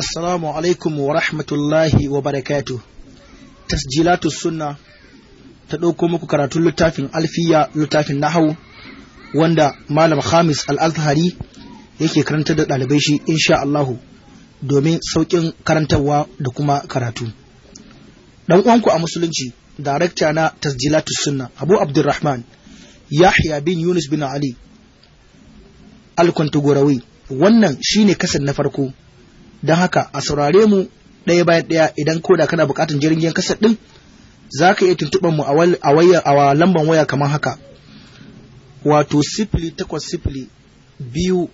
Assalamu alaikum wa rahmatullahi wa barakatu. Tasjilatu sunna ta ɗauko muku karatun littafin alfiya littafin nahau wanda Malam khamis al-Azhari yake karanta da ɗalibai shi insha Allahu domin sauƙin karantarwa da kuma karatu. Ɗan uwanku a musulunci, darakta na tasjilatu sunna Abu Abdulrahman Yahya bin Yunus bin Ali al wannan shine kasan na farko. don haka a saurare mu ɗaya bayan ɗaya idan ko da kana buƙatar jirgin kasa ɗin za ka iya tuntuɓar mu a a lambar waya kamar haka wato sifili takwas sifili biyu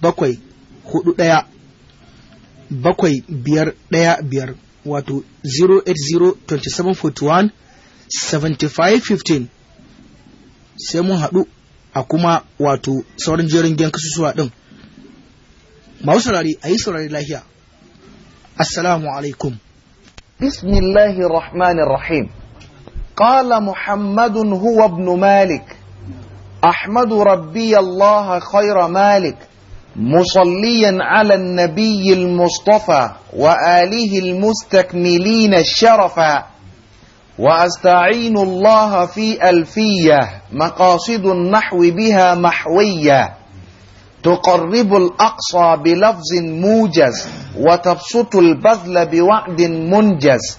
bakwai hudu ɗaya bakwai biyar ɗaya biyar wato 75 7515 sai mun haɗu a kuma wato sauran jerin gyan kasusuwa ɗin masu saurari a yi saurari lahiya assalamu alaikum بسم الله الرحمن الرحيم قال محمد هو ابن مالك احمد ربي الله خير مالك مصليا على النبي المصطفى واله المستكملين الشرفا واستعين الله في الفيه مقاصد النحو بها محويه تقرب الأقصى بلفظ موجز وتبسط البذل بوعد منجز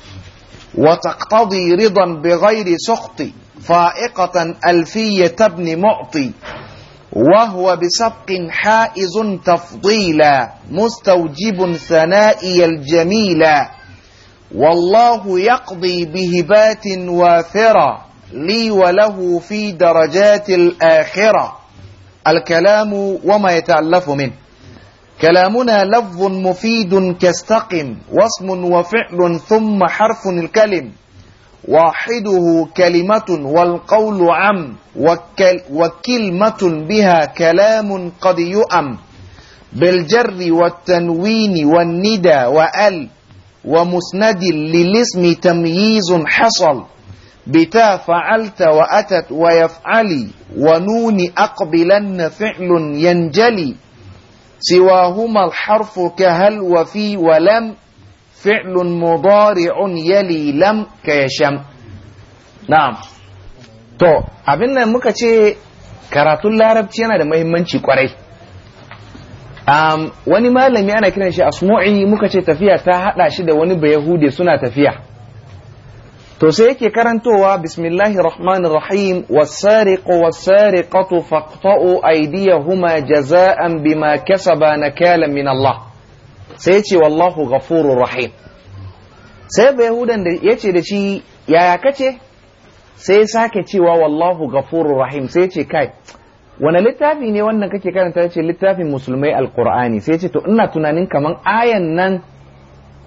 وتقتضي رضا بغير سخط فائقة ألفية ابن معطي وهو بسبق حائز تفضيلا مستوجب ثنائي الجميلا والله يقضي بهبات وافرة لي وله في درجات الآخرة الكلام وما يتألف منه كلامنا لفظ مفيد كاستقم واسم وفعل ثم حرف الكلم واحده كلمة والقول عم وكل وكلمة بها كلام قد يؤم بالجر والتنوين والندى وأل ومسند للاسم تمييز حصل بتا فعلت وأتت ويفعلي ونون أقبلن فعل ينجلي سواهما الحرف كهل وفي ولم فعل مضارع يلي لم كيشم نعم to abin nan muka ce karatun larabci yana da mahimmanci kwarai wani malami ana kiran shi asmu'i muka ce tafiya ta hada shi da wani bayahude suna tafiya to sai yake karantowa bismillahir rahmanir rahim was-sariqu was-sariqatu faqta'u aydiyahuma jaza'an bima kasaba nakalan min Allah sai yace wallahu ghafurur rahim sai ba yahudan da yace da shi yaya kace sai sake cewa wallahu ghafurur rahim sai yace kai wani littafi ne wannan kake karanta yace littafin musulmai alkur'ani sai to ina tunanin kaman ayan nan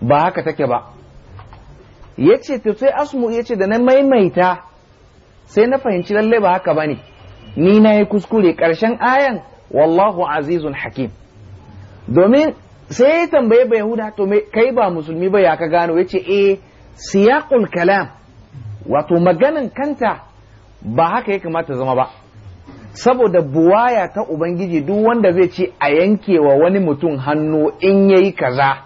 ba haka take ba ya ce to sai asmu ya ce da na maimaita sai na fahimci lalle ba haka ba ne ni na yi kuskure ƙarshen ayan wallahu azizun hakim domin sai ya tambaye ba yahuda to kai ba musulmi ba ya ka gano ya ce eh siyaqul kalam wato maganan kanta ba haka ya kamata zama ba saboda buwaya ta ubangiji duk wanda zai ce a yankewa wani mutum hannu in yayi kaza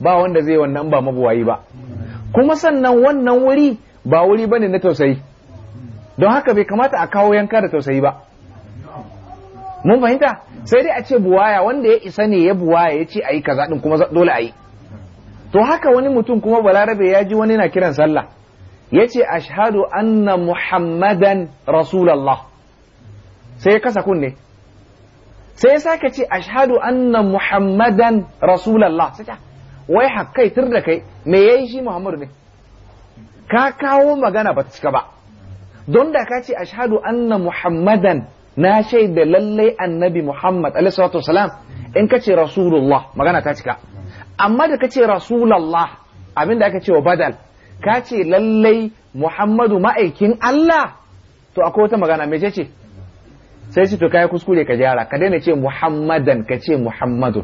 ba wanda zai wannan ba mabuwayi ba kuma sannan wannan wuri ba wuri bane na tausayi don haka bai kamata a kawo yanka da tausayi ba mun fahimta sai dai a ce buwaya wanda ya isa ne ya buwaya ya ce a yi kaza din kuma dole a yi to haka wani mutum kuma balarabe ya ji wani na kiran sallah ya ce ashhadu anna muhammadan rasulallah sai ya kasa kunne sai ya sake ce ashhadu anna muhammadan rasulallah sai wai hakkai tur da kai me yayi shi Muhammadu ne ka kawo magana ba ta cika ba don da ka ce ashhadu anna muhammadan na shaida lallai annabi Muhammad alaihi salatu in ka ce rasulullah magana ta cika amma da ka ce rasulallah da aka ce wa badal ka ce lallai Muhammadu ma'aikin Allah to akwai wata magana me ce sai ce to kai kuskure ka gyara ka daina ce Muhammadan ka ce Muhammadu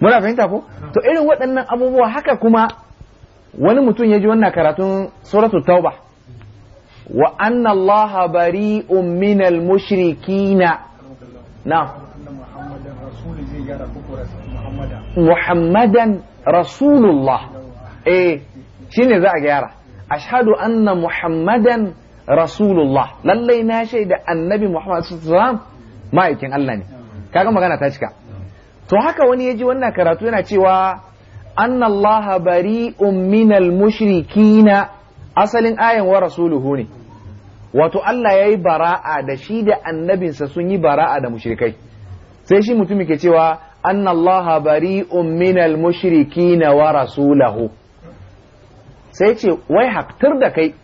muna fahimta ko to irin waɗannan abubuwa haka kuma wani mutum ya ji wannan karatun suratu tauba wa anna allaha bari'un minal mushrikina na muhammadan rasulullah eh shine za a gyara ashhadu anna muhammadan rasulullah lallai na shaida annabi muhammad sallallahu alaihi wasallam ma'aikin Allah ne kaga magana ta cika to haka wani ya ji wannan karatu yana cewa anna Allah bari'un al mushrikina asalin ayan wa rasuluhu ne wato Allah yayi bara'a da shi da annabinsa sun yi bara'a da mushrikai sai shi mutum ke cewa anna Allah bari'un al mushrikina wa rasuluhu. sai ce wai haktar da kai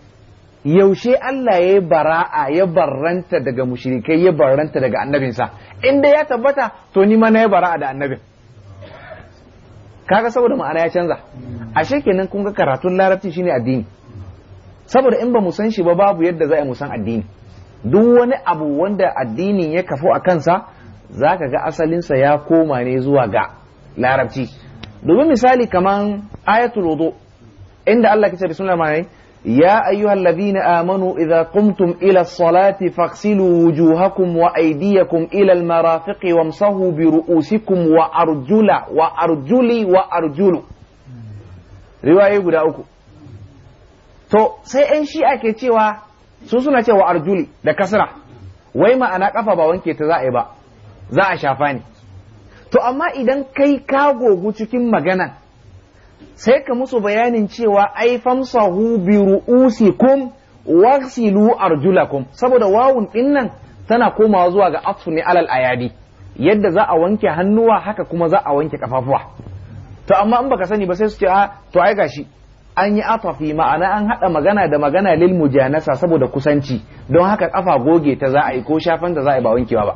yaushe Allah ya yi bara'a ya barranta daga mushrikai ya barranta daga annabinsa inda ya tabbata to ni ma na ya bara'a da annabin kaga saboda ma'ana ya canza ashe kenan kun ga karatun larabci shine addini saboda in ba mu san shi ba babu yadda za a mu san addini duk wani abu wanda addini ya kafo a kansa Za ka ga asalinsa ya koma ne zuwa ga larabci domin misali kaman ayatul wudu inda Allah ke ce bismillah ma'ani. يا أيها الذين آمنوا إذا قمتم إلى الصلاة فاغسلوا وجوهكم وأيديكم إلى المرافق وامصهوا برؤوسكم وأرجل وأرجلي وأرجل رواية قد أكو تو سيئن شيئا كتوا سوسنا تي وأرجلي ده كسرة ويما أنا كفا بوانكي تزائي با za a shafa ne to amma idan kai ka gogu cikin magana sai ka musu bayanin cewa ai famsahu bi ru'usikum waghsilu arjulakum saboda wawun din nan tana komawa zuwa ga af ne alal ayadi yadda za a wanke hannuwa haka kuma za a wanke kafafuwa to amma in baka sani ba sai su ce a ah, to ai gashi an yi atafi ma'ana an haɗa magana da magana lil mujanasa saboda kusanci don haka kafa goge ta za a yi ko shafan ta za a yi ba wankewa ba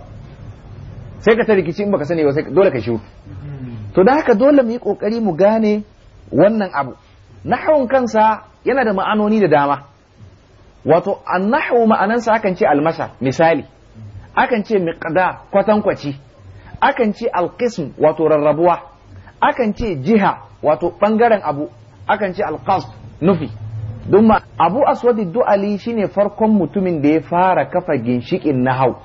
sai ka ta rikici in baka sani ba sai dole ka shiru mm-hmm. to da haka dole mu yi kokari mu gane wannan abu nahawun kansa yana da ma'anoni da dama wato annahu ma'anansa akan ce almasa misali akan ce miqda kwatankwaci akan ce alqism wato rarrabuwa akan ce jiha wato ɓangaren abu akan ce alqasd nufi don abu aswadi du'ali shine farkon mutumin da ya fara kafa ginshikin nahau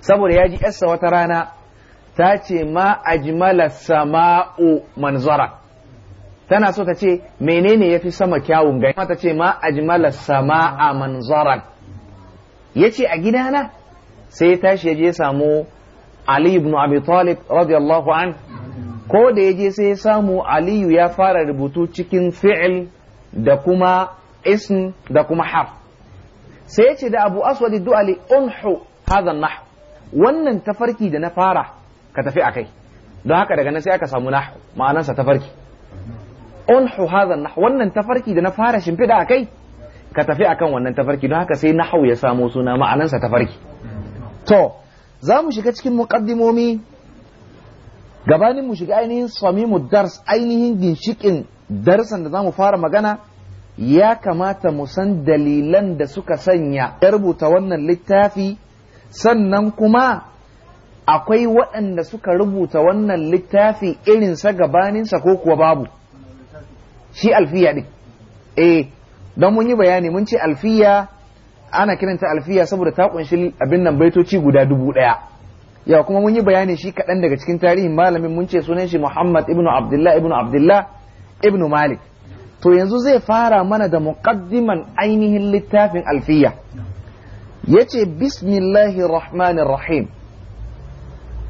saboda ya ji yarsa wata rana ta ce ma ajmala sama'u manzara tana so ta ce menene ya fi sama kyawun gani ta ce ma ajmala sama'a manzaran yace a gidana sai ya tashi ya je samu Ali ibn Abi Talib radiyallahu an ko da ya je sai ya samu Aliyu ya fara rubutu cikin fi'il da kuma ism da kuma harf sai ya ce da Abu Aswad Du'ali unhu hada nahw wannan tafarki da na fara ka tafi akai don haka daga nan sai aka samu nahw ma'anarsa tafarki unhu hadha nahw wannan tafarki da na fara shimfida akai ka tafi akan wannan tafarki don haka sai nahw ya samo suna ma'anansa tafarki to za mu shiga cikin muqaddimomi gabanin mu shiga ainihin samimu dars ainihin ginshikin darsan da za mu fara magana ya kamata mu san dalilan da suka sanya ya rubuta wannan littafi sannan kuma akwai waɗanda suka rubuta wannan littafi irinsa gabaninsa ko kuwa babu shi alfiya din eh don mun yi bayani mun ce alfiya ana kiranta alfiya saboda ta kunshi abin nan baitoci guda dubu ɗaya yawa kuma mun yi bayani shi kaɗan daga cikin tarihin malamin mun ce sunan shi Muhammad ibnu Abdullah ibnu Abdullah ibnu Malik to yanzu zai fara mana da muqaddiman ainihin littafin alfiya yace bismillahir rahmanir rahim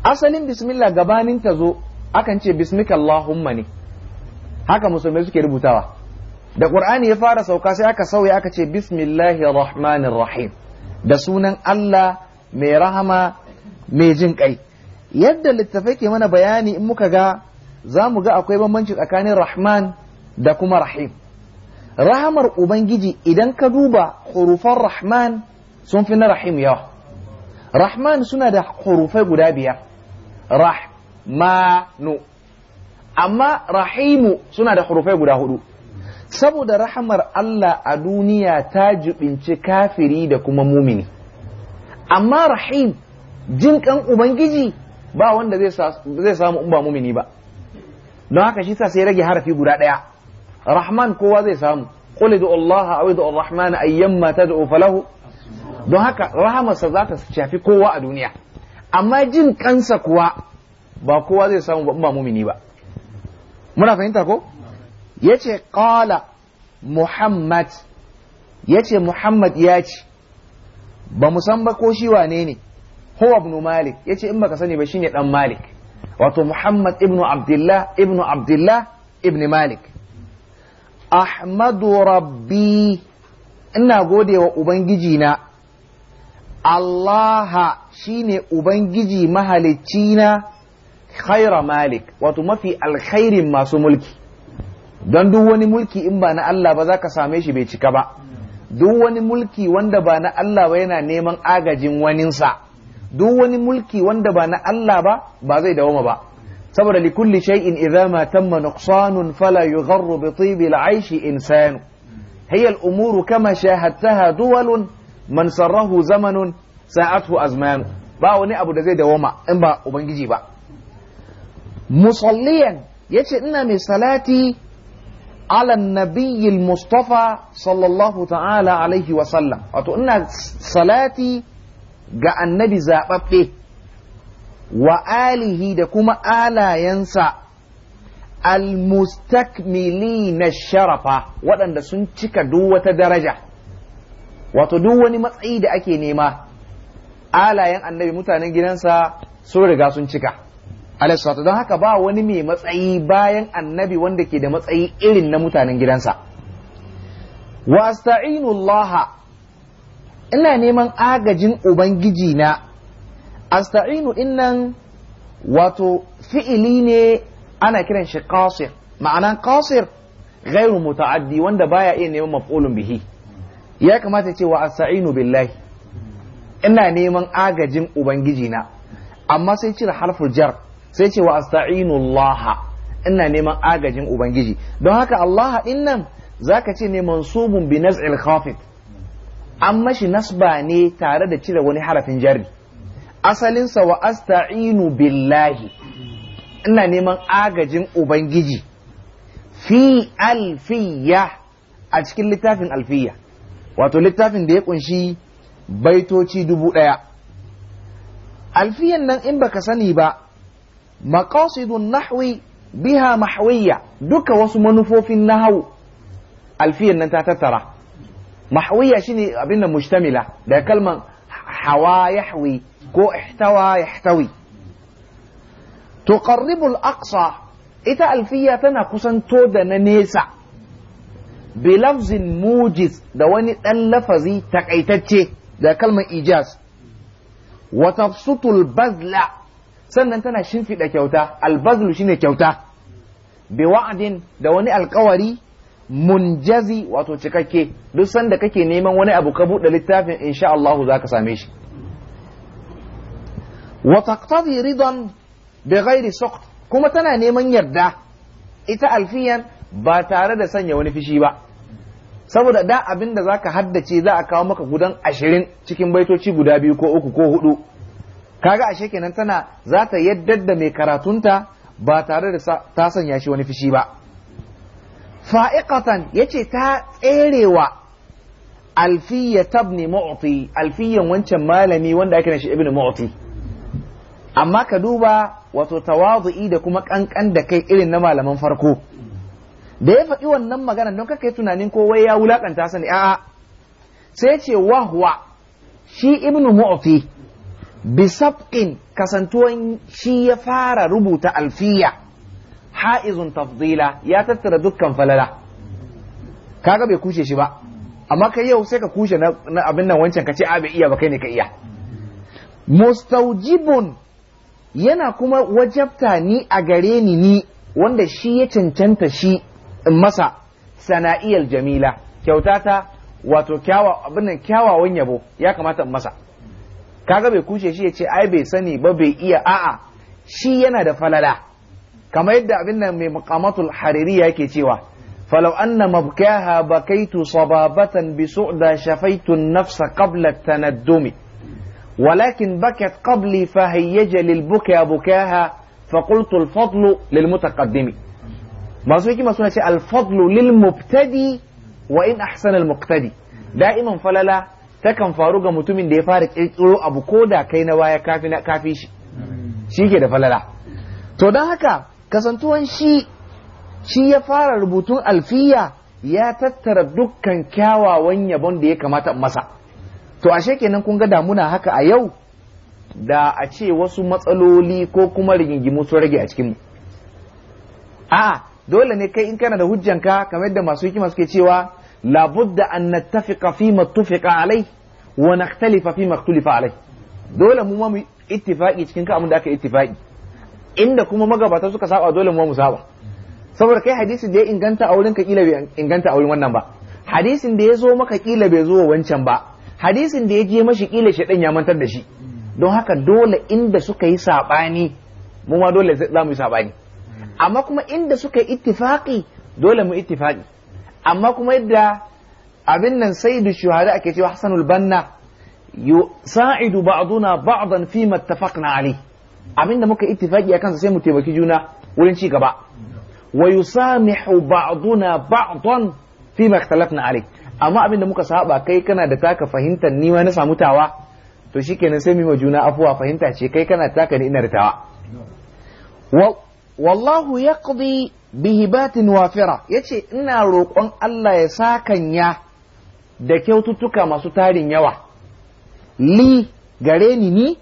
asalin bismillah gabanin ta zo akan ce bismika allahumma ne haka musulmai suke rubutawa da qur'ani ya fara sauka sai aka sauya aka ce bismillahir rahmanir rahim da sunan Allah mai rahama mai jin kai yadda littafai ke mana bayani in muka ga za mu ga akwai bambanci tsakanin rahman da kuma rahim rahamar ubangiji idan ka duba hurufan rahman sun fi na rahim yawa rahman suna da hurufai guda biyar rahmanu amma rahimu suna da hurufai guda hudu saboda rahamar Allah a duniya ta jubinci kafiri da kuma mumini amma rahim jin kan ubangiji ba wanda zai samu in ba mumini ba don haka shi sa sai rage harafi guda daya rahman kowa zai samu qul du Allah aw du ar-rahman ayyamma da ofalahu, don haka rahamarsa za ta shafi kowa a duniya amma jin kansa kuwa ba kowa zai samu ba mumini ba muna fahimta ko yace qala muhammad yace muhammad ya ce ba mu san ba ko shi wane ne huwa ibn malik yace in baka sani ba shine dan malik wato muhammad ibn abdullah ibn abdullah ibn malik ahmadu rabbi ina gode wa ubangiji na allaha shine ubangiji mahalicci na khaira malik wato mafi alkhairin masu mulki don duk wani mulki in ba na Allah ba za ka same shi bai cika ba duk wani mulki wanda ba na Allah ba yana neman agajin waninsa duk wani mulki wanda ba na Allah ba ba zai dawoma ba saboda li kulli shay'in idza ma tamma nuqsanun fala yugharru bi tibil aishi insanu hiya al umuru kama shahadtaha duwalun man sarrahu zamanun sa'athu azman ba wani abu da zai dawoma in ba ubangiji ba musalliyan yace ina mai salati ala nabiyyil mustafa sallallahu ta'ala alaihi wa sallam wato ina salati ga annabi zababbe wa alihi da kuma alayensa almustakmili na sharafa waɗanda sun cika duk wata daraja wato duk wani matsayi da ake nema alayen annabi mutanen gidansa sun riga sun cika alaihi don haka ba wani mai matsayi bayan annabi wanda ke da matsayi irin na mutanen gidansa wa Allah ina neman agajin ubangiji na asta'inu innan wato fi'ili ne ana kiran shi qasir ma'anan qasir ghairu muta'addi wanda baya iya neman maf'ulun bihi ya kamata ce wa asta'inu billahi ina neman agajin ubangiji na amma sai cire harfin jar sai ce wa Laha ina neman agajin ubangiji don haka Allah din nan zaka ce ne mansubun bi naz'il khafid an mashi nasba ne tare da cire wani harafin jari asalinsa wa asta'inu billahi ina neman agajin ubangiji fi alfiya a cikin littafin alfiya wato littafin da ya kunshi baitoci dubu daya alfiyan nan in baka sani ba maqasidun nahwi biha mahwiya duka wasu manufofin nahawu alfiyan nan ta tattara mahwiya shine abin da mushtamila da kalman hawa yahwi ko ihtawa yahtawi tuqarribu al-aqsa ita alfiya tana kusanto da na nesa lafzin mujiz da wani ɗan lafazi takaitacce da kalmar ijaz wa tafsutul bazla sannan tana shimfiɗa kyauta albazlu shine kyauta bi wa'adin da wani alkawari munjazi wato cikakke duk sanda kake neman wani abu ka buɗe littafin insha Allah za ka same shi wa taqtadi ridan bi ghairi suqt kuma tana neman yarda ita alfiyan ba tare da sanya wani fishi ba saboda da abin da zaka haddace za a kawo maka gudan ashirin cikin baitoci guda biyu ko uku ko hudu kaga ashe kenan tana za ta yaddar da mai karatunta ba tare da ta sanya shi wani fishi ba ya ce ta tserewa alfiya tabni mu'ti alfiyan wancan malami wanda ake shi ibnu mu'ti amma ka duba wato tawadu'i da kuma kankan da kai irin na malaman farko da ya faɗi wannan magana don kaka yi tunanin kowai wai ya wulakanta sani a'a sai ce wahwa shi ibnu mu'ti bisabqin kasantuwan shi ya fara rubuta alfiya ha'izun tafdila ya tattara dukkan falala kaga bai kushe shi ba amma kai yau sai ka kushe na abin nan wancan ka ce a bai iya ba kai ne ka iya mustaujibun yana kuma wajabta ni a gare ni ni wanda shi ya cancanta shi masa sana'iyar jamila kyautata wato kyawawan yabo ya kamata in masa kaga bai kushe shi ya ce ai bai sani ba bai iya a'a shi yana da falala kamar yadda abin nan mai muqamatul hariri yake cewa falau anna mabkaha bakaitu sababatan bi su'da shafaitu an-nafsa qabla at-tanaddumi qultu al قبلي lil mutaqaddimi بكاها فقلت الفضل ce al سويكي lil mubtadi wa in ahsana al muqtadi da'iman falala takan faru ga mutumin da ya fara kirkiro abu ko da kai na baya kafi na kafi shi shi ke da falala to don haka kasantuwan shi shi ya fara rubutun alfiya ya tattara dukkan kyawawan yabon da ya kamata masa to ashe kenan kun ga damuna haka a yau da a ce wasu matsaloli ko kuma rigingimu sun rage a cikinmu a dole ne kai in kana da hujjanka kamar da masu hikima suke cewa labudda an nattafiqa fi ma tufiqa alai wa nakhtalifa fi ma ikhtalifa alai dole mu ma mu ittifaqi cikin ka abin da aka ittifaqi inda kuma magabata suka saba dole mu mu saba saboda kai hadisi da ya inganta a wurin ka kila bai inganta a wurin wannan ba hadisin da ya zo maka kila bai zo wancan ba hadisin da ya je mashi kila shedan ya mantar da shi don haka dole inda suka yi sabani mu ma dole za mu yi sabani amma kuma inda suka yi ittifaqi dole mu ittifaqi amma kuma yadda abin nan sai da shuhada ake cewa hasanul banna sa'idu ba'duna ba'dan fi mattafaqna ali abin da muka ittifaki akan sai mu taimaki juna wurin ci gaba wa yusamihu ba'duna ba'dan fi maktalafna ali amma abin da muka saba kai kana da taka fahimtar ni ma na samu tawa to shikenan sai mu yi juna afuwa fahimta ce kai kana taka ni ina da tawa wallahu yaqdi bihibatin wafira yace ina roƙon Allah ya sakanya da kyaututtuka masu tarin yawa li gare ni ni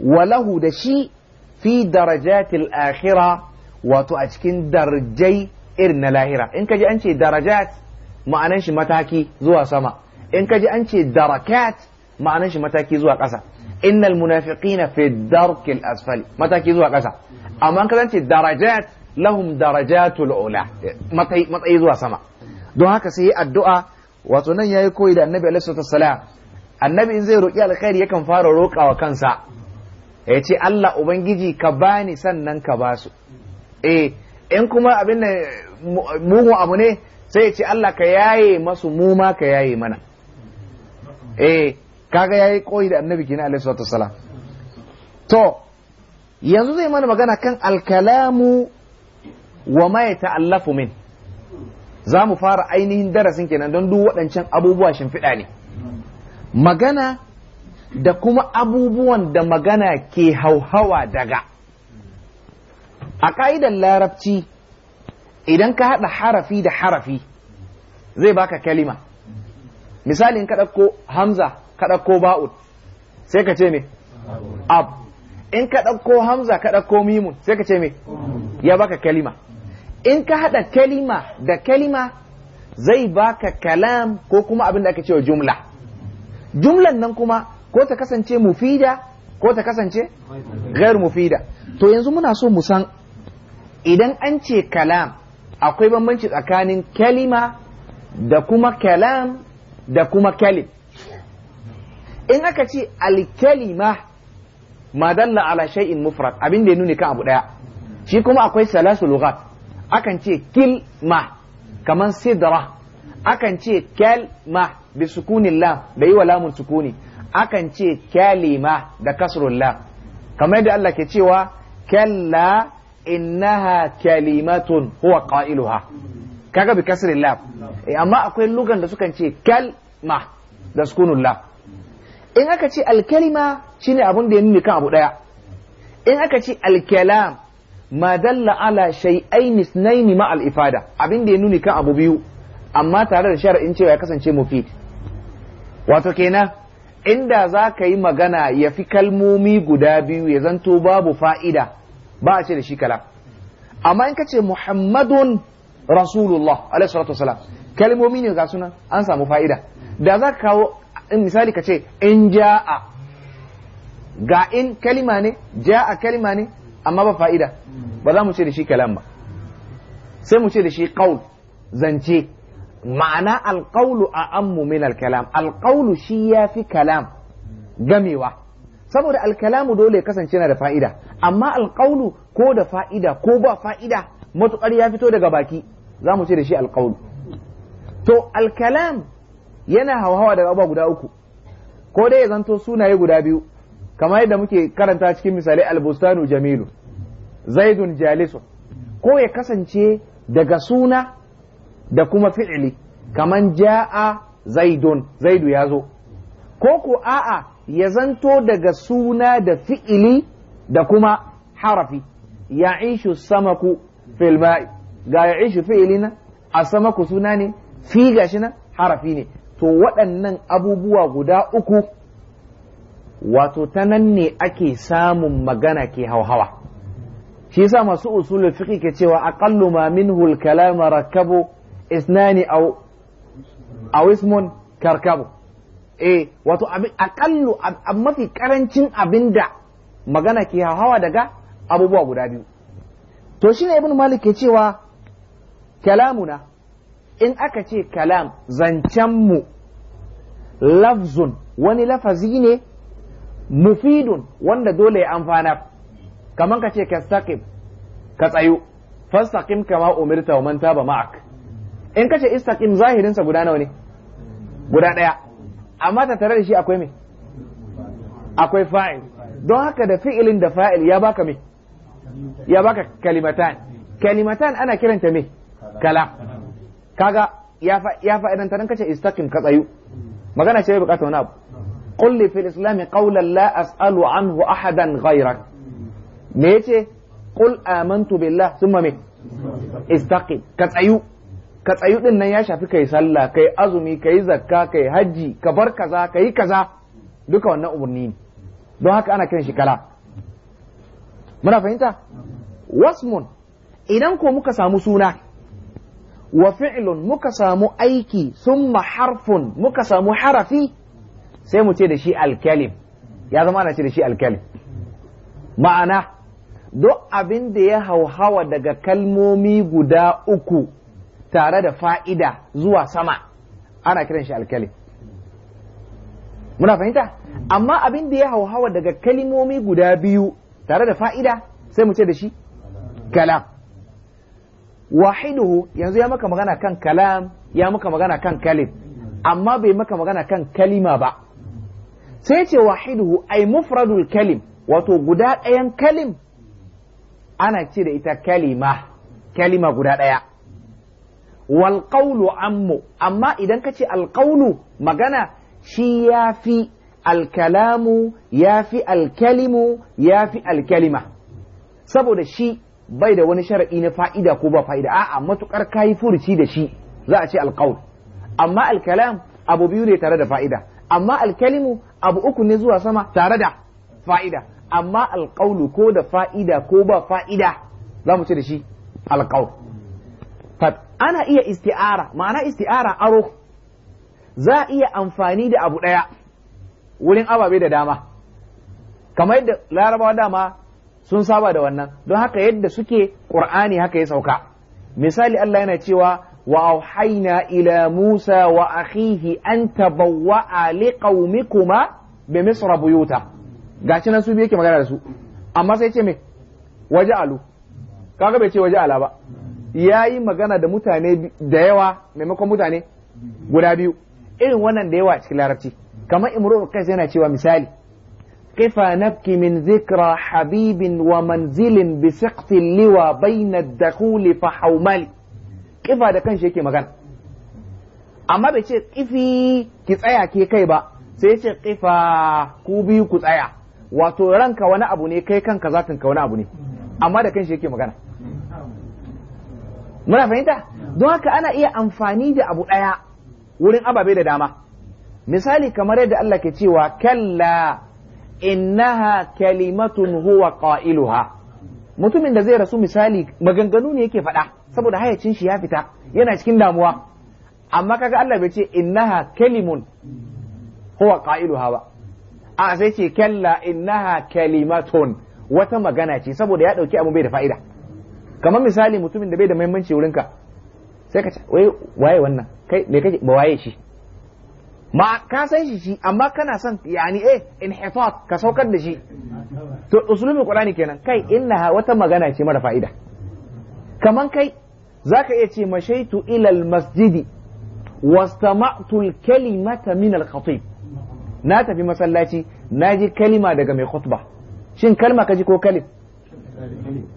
walahu da shi fi darajatil akhira wato a cikin darajai irin na lahira in kaji an ce darajat ma'anan shi mataki zuwa sama in kaji an ce darakat ma'anan shi mataki zuwa ƙasa innal munafiqina fi darkil asfali mataki zuwa ƙasa amma ka zance darajat lahum darajatul ula matsayi matsayi zuwa sama don haka sai addu'a wato nan yayi koyi da annabi alaihi salatu annabi in zai roki alkhairi yakan fara rokawa kansa ya ce Allah ubangiji ka bani sannan ka basu eh in kuma abin da abu ne sai ya ce Allah ka yaye masu mu ma ka yaye mana eh kaga yayi koyi da annabi kina alaihi salatu to yanzu zai mana magana kan alkalamu wa ma ya ta'allafu min za mu fara ainihin darasin kenan don duk waɗancan abubuwa shimfiɗa ne magana da kuma abubuwan da magana ke hauhawa daga a ƙa'idar larabci idan ka haɗa harafi da harafi zai baka kalima misali in ka ɗauko hamza ka ɗauko ba'ud sai ka ce me ab in ka ɗauko hamza ka ɗauko mimun sai ka ce me ya baka kalima in ka haɗa kalima da kalima zai baka kalam ko kuma abin da aka cewa jumla jumlan nan kuma ko ta kasance mufida ko ta kasance gair mufida to yanzu muna so mu san idan an ce kalam akwai bambanci tsakanin kalima da kuma kalam da kuma kalim in aka ce alkalima ma dalla ala shay'in mufrad abin da ya nuni kan abu daya shi kuma akwai salasu lughat akan ce kilma kaman sidra akan ce ma. bi sukunin lam da yi wa lamun sukuni akan ce kalima da kasrul lam kamar yadda Allah ke cewa kalla innaha kalimatun huwa qailuha kaga bi kasrul lam amma akwai lugan da sukan ce kalma da sukunul lam in aka ce alkalima ne abin da ya nuna kan abu ɗaya. in aka ce alkalam ma dalla ala shay'ain isnayn ma al ifada abin da ya nuna kan abu biyu amma tare da shar'in cewa ya kasance mufid wato kenan inda za ka yi magana ya fi kalmomi guda biyu ya zanto babu fa'ida ba a ce da shi kalam amma in ka ce muhammadun rasulullah alaihi salatu wasalam kalmomi ne ga sunan an samu fa'ida da za ka kawo in misali ka ce in ja'a ga in kalima ne ja'a kalima ne amma ba fa'ida ba za mu ce da shi kalam ba sai mu ce da shi qaul zance ma'ana alqaulu a an min alkalam alqaulu shi fi kalam gamewa saboda alkalamu dole ya kasance na da fa'ida amma alqaulu ko da fa'ida ko ba fa'ida matuƙar ya fito daga baki za mu ce da shi alqaulu to alkalam yana hauhawa daga abubuwa guda uku ko dai ya zanto sunaye guda biyu kamar yadda muke karanta cikin misali albustanu jamilu zaidun jalisu ko ya kasance daga suna da kuma fi'ili kamar ja'a zaidun zaidu ya zo ko ko a'a ya zanto daga suna da fi'ili da kuma harafi ya ishu samaku filma'i ga ya ishu fi'ili na a samaku suna ne fi gashi na harafi ne to waɗannan abubuwa guda uku wato ta nan ne ake samun magana ke hauhawa shi yasa masu usulul fiqh ke cewa aqallu ma minhu al-kalam rakabu isnani aw aw ismun karkabu eh wato aqallu mafi karancin abinda magana ke hauhawa daga abubuwa guda biyu to shine ibn malik ke cewa kalamuna in aka ce kalam zancenmu lafzun wani lafazi ne mufidun wanda dole ya amfana kamar ka ce kastaqim ka tsayu fastaqim kama umirta wa man taba ma'ak in ka ce istaqim zahirinsa guda nawa ne guda ɗaya amma ta tare da shi akwai me akwai fa'il don haka da fi'ilin da fa'il ya baka me ya baka kalimatan kalimatan ana kiranta me kalam kaga ya fa ya kashe idan tanan kace istaqim ka tsayu magana ce bukata wani abu qul li fil islam qawlan la as'alu anhu ahadan ghayrak me yace qul amantu billah thumma me istaqim ka tsayu ka tsayu din nan ya shafi kai sallah kai azumi kai zakka kai haji ka bar kaza kai kaza duka wannan umarni ne don haka ana kiran shi kala muna fahimta wasmun idan ko muka samu suna wa fi'lun muka samu aiki sun harfun muka samu harafi sai mu ce da shi alkalim ya zama ana ce da shi alkalim ma'ana duk abin da ya hauhawa daga kalmomi guda uku tare da fa'ida zuwa sama ana kiran shi alkalim muna fahimta amma abin da ya hauhawa daga kalmomi guda biyu tare da fa'ida sai mu ce da shi kalam wahiduhu yanzu ya maka magana kan kalam ya maka magana kan kalim amma bai maka magana kan kalima ba sai ce wahiduhu ai mufradul kalim wato guda ɗayan kalim ana ce da ita kalima kalima guda ɗaya wal qawlu ammu amma idan ka ce alƙaulu magana shi ya fi alkalamu ya fi alkalimu ya fi alkalima saboda shi bai da wani sharaɗi na fa'ida ko ba fa'ida a'a matukar kayi furuci da shi za a ce alƙaul amma alkalam abu biyu ne tare da fa'ida amma alkalimu abu uku ne zuwa sama tare da fa'ida amma alƙaulu ko da fa'ida ko ba fa'ida za mu ce da shi alƙaul ana iya isti'ara ma'ana isti'ara aro za a iya amfani da abu ɗaya wurin ababe da dama kamar yadda larabawa dama sun saba da wannan don haka yadda suke qur'ani haka ya sauka misali Allah yana cewa wa auhayna ila Musa wa akhihi an li qaumikuma bi Misr buyuta gashi nan su biye yake magana da su amma sai ce me waja'alu kaga bai ce waja'ala ba yayi magana da mutane da yawa maimakon mutane guda biyu irin wannan da yawa cikin larabci kamar imru kai yana cewa misali قفا نبكي من ذكرى حبيب ومنزل بسقط اللوى بين الدخول فحوملي قفا da kanshi yake magana amma bai ce kifi ki tsaya ke kai ba sai ce kifa ku biyu ku tsaya wato ranka wani abu ne kai kanka zatin ka wani abu ne amma da kanshi yake magana muna fahimta don haka ana iya amfani da abu ɗaya wurin ababe da dama misali kamar yadda Allah ke cewa kalla innaha kalimatun huwa qailuha mutumin da zai rasu misali maganganu ne yake faɗa saboda hayacin shi ya fita yana cikin damuwa amma kaga Allah bai ce innaha kalimun huwa qailuha ba a sai ce kalla innaha kalimatun wata magana ce saboda ya dauki abu bai da fa'ida kamar misali mutumin da bai da muhimmanci wurinka sai ka ce waye wannan kai me kake ba waye shi ma ka san shi shi amma kana son yani eh inhifat ka saukar da shi to usulubin qur'ani kenan kai innaha wata magana ce mara fa'ida kaman kai zaka iya ce mashaitu ila almasjidi wastama'tu alkalimata min alkhatib na tafi masallaci na ji kalima daga mai khutba shin kalma ka ji ko kalim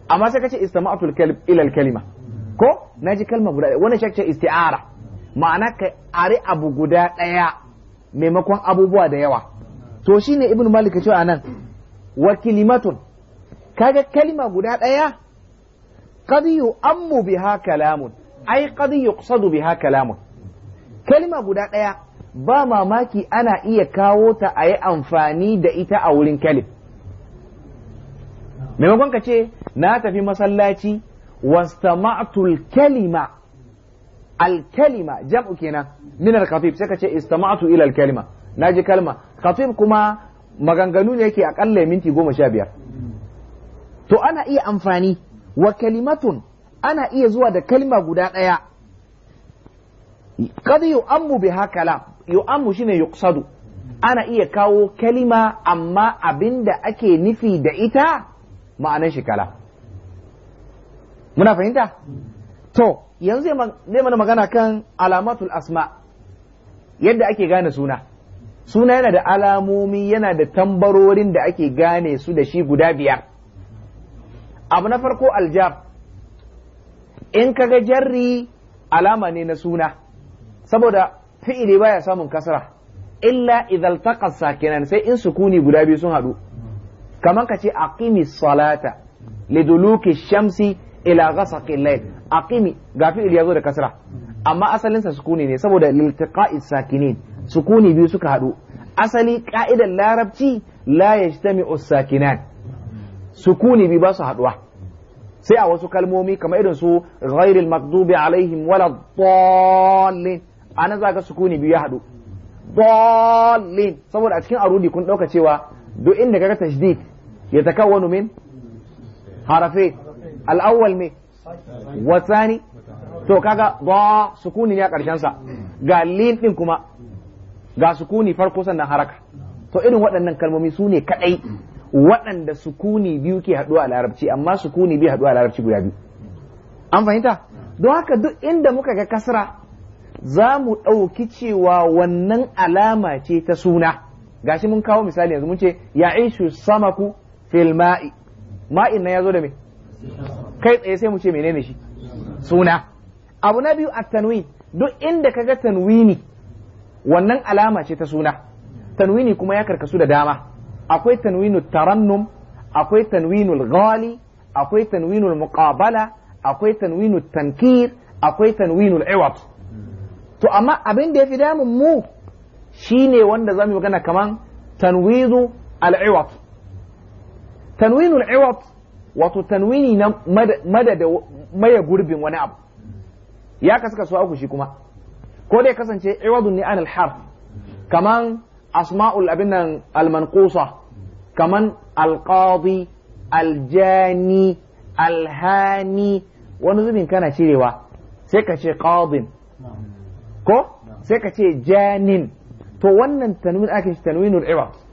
amma sai ka ce istama'tu alkalim ila alkalima ko na ji kalma guda wannan shakka isti'ara ma'ana ka ari abu guda ɗaya maimakon abubuwa da yawa to shine ibnu malik ya ce anan wa kalimatun kaga kalima guda ɗaya qad yu'ammu biha kalamun ai qad yuqsadu biha kalamun kalima guda ɗaya ba mamaki ana iya kawo ta ayi amfani da ita a wurin kalim maimakon ka ce na tafi masallaci wastama'tul kalima alkalima jam'u kenan min al-khatib sai ka ce istama'tu ila kalima naji kalima, khatib kuma maganganu ne yake ƙalla minti goma sha biyar to ana iya amfani wa kalimatun ana iya zuwa da kalima guda ɗaya kad yu'ammu biha kalam yu'ammu shine yuqsadu ana iya kawo kalima amma abinda ake nufi da ita ma'anar shi kalam muna fahimta to yanzu zai mana magana kan alamatul asma yadda ake gane suna suna yana da alamomi yana da tambarorin da ake gane su da shi guda biyar abu na farko aljab in kaga jarri alama ne na suna saboda fi'ili baya samun kasra illa idhal taqas sakinan sai in sukuni guda biyu sun haɗu kamar ka ce aqimi salata liduluki shamsi ila ghasaqil layl aqimi ga fi'il yazo da kasra amma asalin sa sukuni ne saboda liltiqa'i sakinin sukuni biyu suka hadu asali ka'idar larabci la yajtami'u sakinan sukuni biyu ba su haduwa sai a wasu kalmomi kamar irin su ghairil maghdubi alaihim wala dallin ana zaga sukuni biyu ya hadu dallin saboda a cikin arudi kun dauka cewa duk inda kaga tashdid yatakawwanu min harafe al'awwal me wasani to kaga ba sukuni ne a ƙarshen sa ga lin din kuma ga sukuni farko sannan haraka to irin waɗannan kalmomi su ne kaɗai waɗanda sukuni biyu ke haɗuwa a larabci amma sukuni biyu haɗuwa a larabci guda biyu an fahimta don haka duk inda muka ga kasra za mu ɗauki cewa wannan alama ce ta suna gashi mun kawo misali yanzu mun ce ya samaku fil ma'in na ya zo da me kai tsaye sai mu ce menene shi suna abu na biyu a tanwin duk inda kaga tanwini wannan alama ce ta suna tanwini kuma ya karkasu da dama akwai tanwinu tarannum akwai tanwinu ghali akwai tanwinu muqabala akwai tanwinu tankir akwai tanwinu iwat to amma abin da fi damun mu shine wanda zamu magana kaman tanwizu al-iwat tanwinul iwat wato tanwini na madada maye gurbin wani abu ya kasu kasuwa uku shi kuma ko dai kasance iwadun ni anil harf kaman asma'ul abin nan almanqusa kaman alqadi aljani alhani wani zubin kana cirewa sai ka ce qadin ko sai ka ce janin to wannan tanwin ake shi tanwinul iwad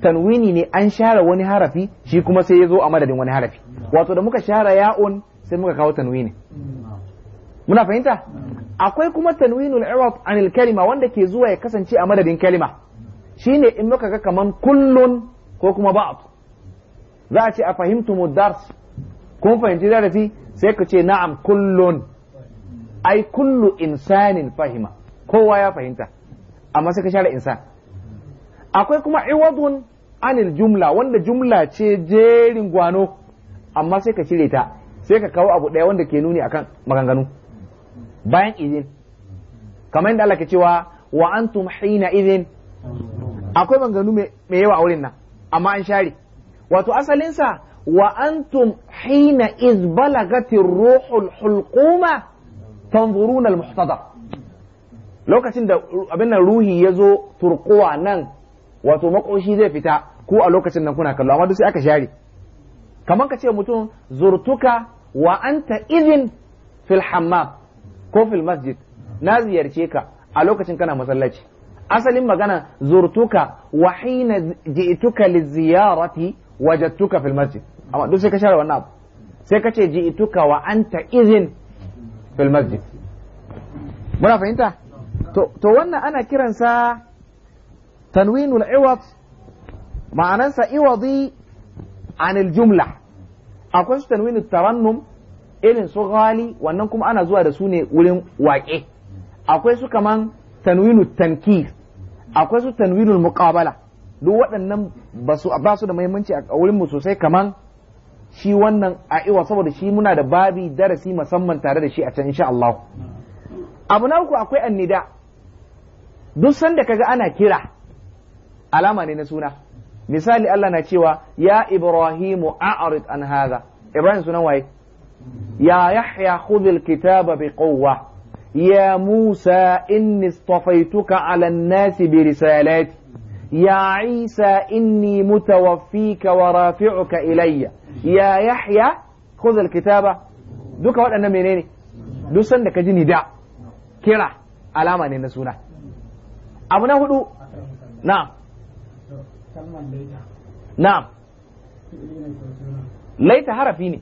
tanwini ne an share wani harafi shi kuma sai ya zo a madadin wani harafi wato da muka share ya'un sai muka kawo tanwini muna fahimta akwai kuma tanwinul iwaf anil kalima wanda ke zuwa ya kasance a madadin kalima ne in muka ga kaman kullun ko kuma ba'd za a ce a fahimtu mudars kun fahimci darasi sai ka ce na'am kullun ai kullu insanin fahima kowa ya fahimta amma sai ka share insan akwai kuma iwadun anil jumla wanda jumla ce jerin gwano amma sai ka cire ta sai ka kawo abu ɗaya wanda ke nuni akan maganganu bayan izin kamar yadda Allah ke cewa wa antum hina izin akwai maganganu mai yawa a wurin nan amma an share wato asalinsa wa antum hina iz balagatir ruhul hulquma tanzuruna al muhtada lokacin da abin nan ruhi ya zo turkuwa nan wato makoshi zai fita ko a lokacin nan kuna kallo amma duk sai aka share kamar ka ce mutum zurtuka wa anta idin fil hammam ko fil masjid na ziyarce ka a lokacin kana masallaci asalin magana zurtuka wa hina ji'tuka li ziyarati wajadtuka fil masjid amma duk sai ka share wannan abu sai ka ce ji'ituka wa anta idin fil masjid muna fahimta to to wannan ana kiransa tanwinu al-iwad ma'anansa iwadi an al akwai su tanwinu tarannum irin su ghali wannan kuma ana zuwa da su ne wurin waƙe akwai su kaman tanwinu tankir akwai su tanwinu muqabala duk waɗannan ba su da mahimmanci a wurin mu sosai kaman shi wannan a iwa saboda shi muna da babi darasi musamman tare da shi a can insha Allah abu na uku akwai annida duk sanda ka ga ana kira alama ne na suna misali Allah na cewa ya Ibrahimu a'rid an hadha Ibrahim sunan waye ya Yahya khudhil kitaba bi quwwa ya Musa inni istafaytuka 'ala an-nasi bi risalati isa inni mutawaffika wa rafi'uka ilayya ya yahya خذ الكتابة duka wadannan menene duk san da kaji nida kira alama ne na suna abu na hudu na'am na'am laita harafi ne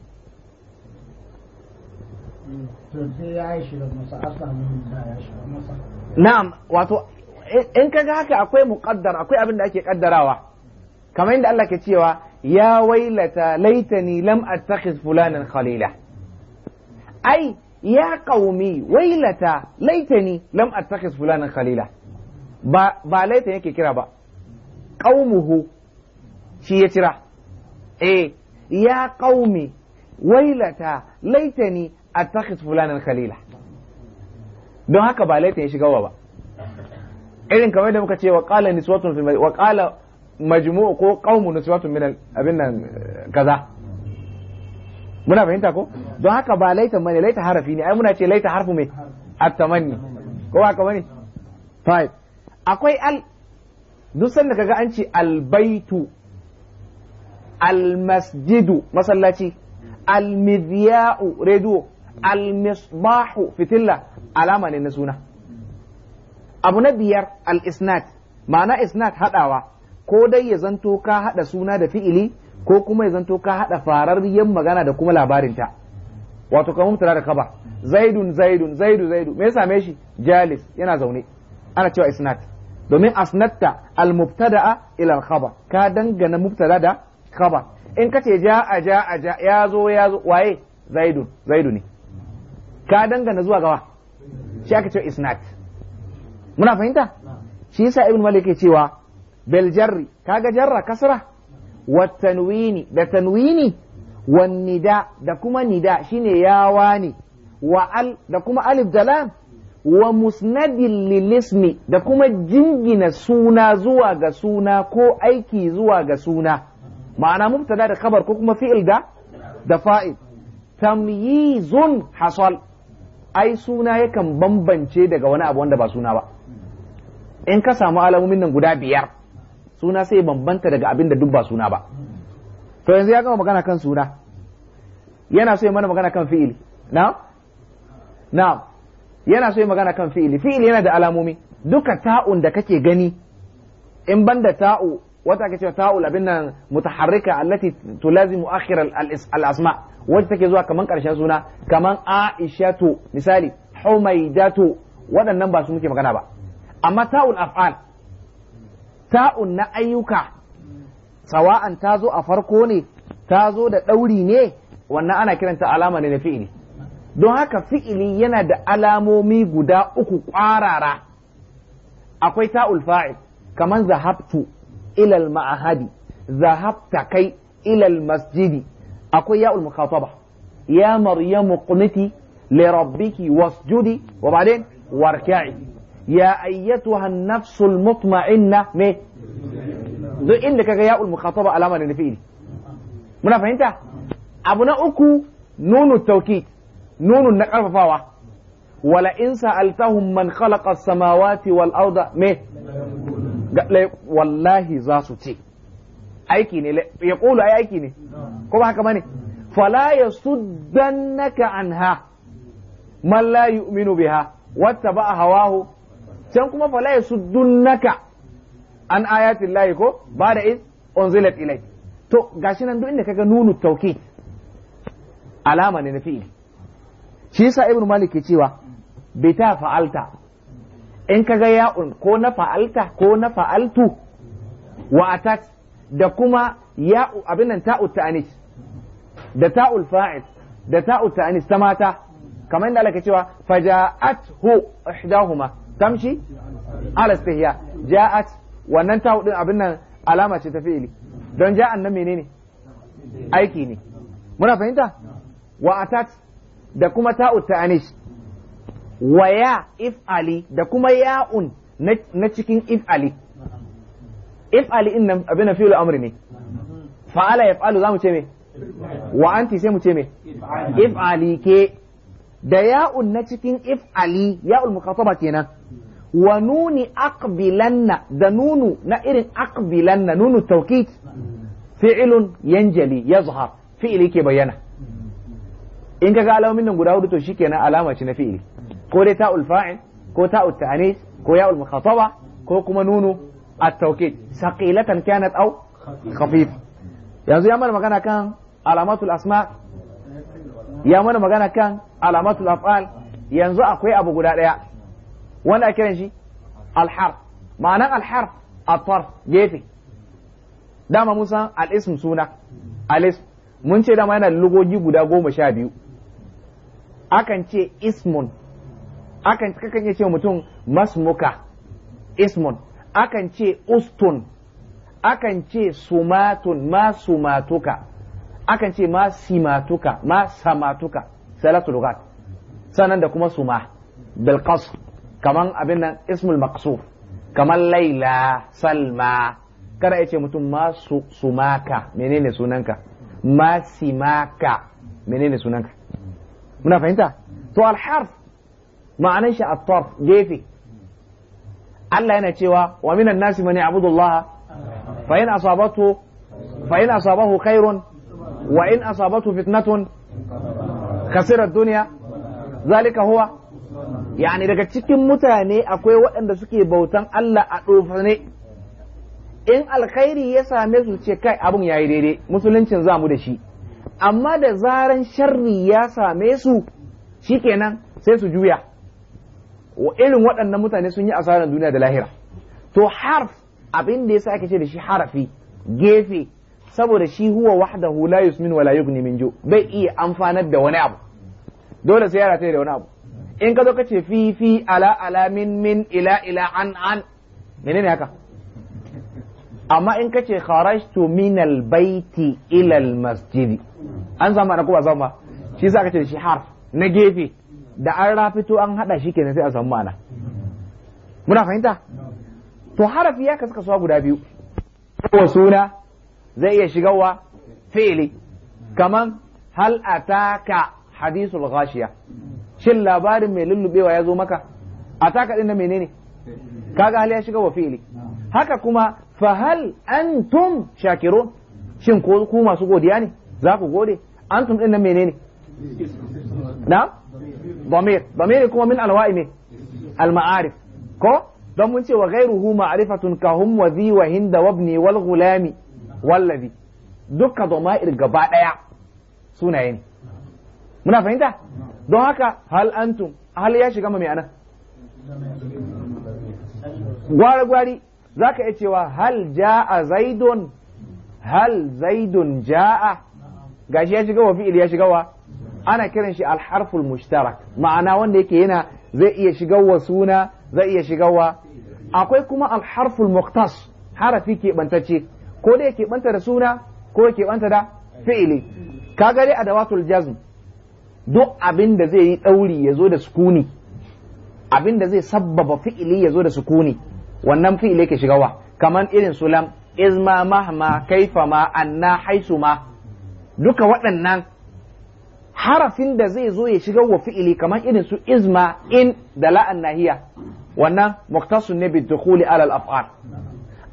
na'am wato in ga haka akwai muƙaddar akwai abin da ake ƙaddarawa kamar yadda Allah ke cewa ya wailata laitani lam attakhiz fulanan khalila ai ya ƙaumi wailata laitani lam attakhiz fulanan khalila ba ba laitani yake kira ba qaumuhu shi ya cira eh ya qaumi wailata laitani attakhidh fulanan khalila don haka ba laita ya shiga ba irin kamar da muka ce wa qala niswatun fil wa qala majmu'u ko qaumun niswatun min abin nan eh, kaza muna fahimta ko don haka ba laita mane laita harafi ne ai muna ce laita harfu me at-tamanni ko ba kamar ne five akwai al duk sanda kaga an ce albaitu almasjidu masallaci almidiya'u rediyo almisbahu fitilla alama ne na suna abu na biyar al-isnad ma'ana isnad hadawa ko dai ya zanto ka hada suna da fi'ili ko kuma ya zanto ka hada fararriyar magana da kuma labarinta wato kamar mutura da kaba zaidun zaidun zaidu zaidu me ya same shi jalis yana zaune ana cewa isnad domin asnatta al-mubtada'a ila al-khabar ka dangana mubtada da khabar in kace ja'a ja'a ja ya zo ya zo waye zaidun zaidu ne ka dangana zuwa gawa shi aka ce isnat. muna fahimta shi yasa ibn malik ke cewa bil jarri kaga jarra kasra wa tanwini da tanwini wan nida da kuma nida shine yawa ne wa al da kuma alif Dalal. wa musnadin lilismi da kuma jingina suna zuwa ga suna ko aiki zuwa ga suna ma'ana mubtada da khabar ko kuma fi'il da da fa'il tamyizun hasal ai suna yakan bambance daga wani abu wanda ba suna ba in ka samu alamomin nan guda biyar suna sai bambanta daga abin da duk ba suna ba to yanzu ya gama magana kan suna yana so ya mana magana kan fi'il na na yana so yi magana kan fi'ili fi'ili yana da alamomi duka ta'un da kake gani in banda ta'u wata kace ta'ul abin nan mutaharrika allati tulazimu akhir al asma wacce take zuwa kaman karshen suna kaman aishatu misali humaidatu waɗannan ba su muke magana ba amma ta'ul af'al ta'un na ayyuka sawa'an ta zo a farko ne ta zo da ɗauri ne wannan ana kiranta alama ne na fi'ili don haka fi'ili yana da alamomi guda uku ƙwarara akwai ta'ul fa'il kaman zahabtu ila al ma'ahadi zahabta kai ila al masjidi akwai ya'ul mukhataba ya maryamu quniti li rabbiki wasjudi wa ba'din warka'i ya ayyatuha an-nafsu al-mutma'inna me duk inda kaga ya'ul mukhataba alama ne na fi'ili muna fahimta abu na uku nunu tawkid nunun na karfafawa wala in sa'altahum man khalaqa samawati wal arda me wallahi za su ce aiki ne ya kulu ai aiki ne ko ba haka bane fala yasuddannaka anha man la yu'minu biha wattaba'a hawahu can kuma fala yasuddunaka an ayatin ko ba da iz unzilat ilai to gashi nan duk inda kaga nunu tauki alama ne na fi'ili shi yasa ibn malik ke cewa bai ta fa'alta in ka ga ya'un ko na fa'alta ko na fa'altu wa atat da kuma ya'u abin nan ta'u ta'anis da ta'ul fa'il da ta'u ta'anis ta mata kamar inda Allah cewa hu ihdahuma tamshi ala istihya ja'at wannan ta'u din abin nan alama ce ta fi'ili don ja'an nan menene aiki ne muna fahimta wa atat da kuma ta'u ta'anis wa ya if'ali da kuma ya'un na cikin if'ali if'ali in nan abin fi'il amri ne fa'ala za mu ce me wa anti sai mu ce me if'ali ke da ya'un na cikin if'ali ya'ul mukhataba kenan wa nuni aqbilanna da nunu na irin aqbilanna nunu tawkid fi'ilun yanjali zuha fi'ili ke bayyana in ka ga alamomin nan guda hudu to shikenan alama ce na fi'ili ko dai ta'ul fa'il ko ta'ul ta'anis ko ya'ul mukhataba ko kuma nunu at-tawkid saqilatan kanat aw khafif yanzu ya mana magana kan alamatul asma ya mana magana kan alamatul af'al yanzu akwai abu guda daya wanda ake kiran shi al ma'anan al-harf at gefe dama musan al-ism suna al-ism mun ce dama yana lugogi guda goma sha biyu akan ce ismun akan kakan ce mutum masmuka ismun akan ce ustun akan ce sumatun masumatuka sumatuka akan ce ma simatuka samatuka salatu lugat sanan da kuma suma bil qasr kaman abin nan ismul maqsuf kaman laila salma kada ya ce mutum ma sumaka menene sunanka ma menene sunanka muna fahimta to alharf ma'anan shi at-tarf gefe Allah yana cewa wa minan nasi man ya'budu Allah fa in asabatu fa in asabahu khairun wa in asabatu fitnatun khasira dunya zalika huwa yani daga cikin mutane akwai waɗanda suke bautan Allah a tsofane in alkhairi ya same su ce kai abun yayi daidai musuluncin zamu da shi amma da zaran sharri ya same su shikenan sai su juya wa irin waɗannan mutane sun yi asarar duniya da lahira to harf abin da yasa ake ce da shi harafi gefe saboda shi huwa wahdahu la yusmin wala yughni min ju bai iya amfanar da wani abu dole sai yara tare da wani abu in ka zo ka ce fi ala ala min min ila ila an an menene haka amma in kace kharajtu min baiti ila almasjid an zama na kuma zama shi ka kace shi harf na gefe da an rafito an hada shi kenan sai a samu ma'ana muna fahimta to harafi ya kasu kasuwa guda biyu ko suna zai iya shigarwa fi'li kaman hal ataka hadisul ghashiya shin labarin mai lullubewa ya zo maka ataka din na menene kaga hal ya shiga wa fi'li haka kuma fa hal antum shakirun shin ku masu godiya ne za ku gode antum ɗin nan menene na damir kuma min alwa'i ne al ko don mun ce wa ghairuhu ma'rifatun ka hum wa dhi wa hinda wa ibni wal ghulami wallazi dukka dama'ir gaba daya sunaye ne muna fahimta don haka hal antum hal ya shiga mai anan gwari gwari za ka iya cewa hal ja'a zaidun hal zaidun ja'a gashi ya shiga wa fi'il ya shiga wa ana kiran shi alharful mushtarak ma'ana wanda yake yana zai iya shiga wa suna zai iya shiga wa akwai kuma alharful muqtas harafi bantace ko dai ke banta da suna ko ke banta da fi'ili kaga dai adawatul jazm duk abinda zai yi dauri ya zo da sukuni abinda zai sabbaba fi'ili ya zo da sukuni wannan fi'il yake shiga wa kaman irin su lam izma mahma kaifa ma anna haisu ma duka waɗannan harafin da zai zo ya shiga wa fi'ili kaman irin su izma in da la'an nahiya wannan muktasun ne bidukhuli ala afal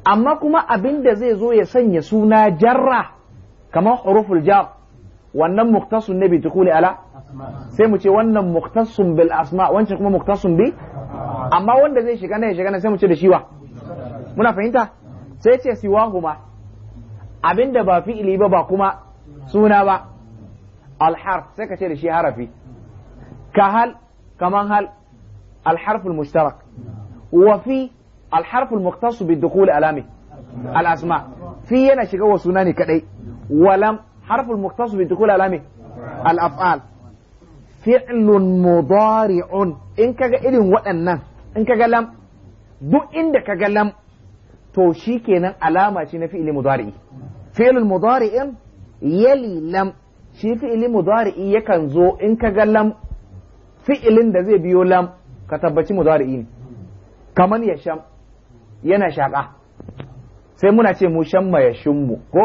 amma kuma abin da zai zo ya sanya suna jarra kaman huruful jar wannan muktasun ne bidukhuli ala sai mu ce wannan muktasun bil asma wancan kuma muktasun bi amma wanda zai shiga na ya shiga na sai mu ce da shi wa muna fahimta sai ce siwahuma abinda ba fi'ili ba ba kuma suna ba alharf sai ka ce da shi harafi ka hal kaman hal alharf almushtarak wa fi alharf almuqtasu bidukhul alami alasma fi yana shiga wa suna ne kadai walam harf almuqtasu bidukhul alami alaf'al fi'lun mudari'un in kaga irin waɗannan in kaga lam duk inda kaga lam to shi kenan alama ce na fi'li mudari'i fi'lun mudari'in yali lam shi fi'li mudari'i yakan zo in kaga lam fi'lin da zai biyo lam ka tabbaci mudari'i ne kaman ya sham yana shaƙa sai muna ce mu shamma ya shimmu ko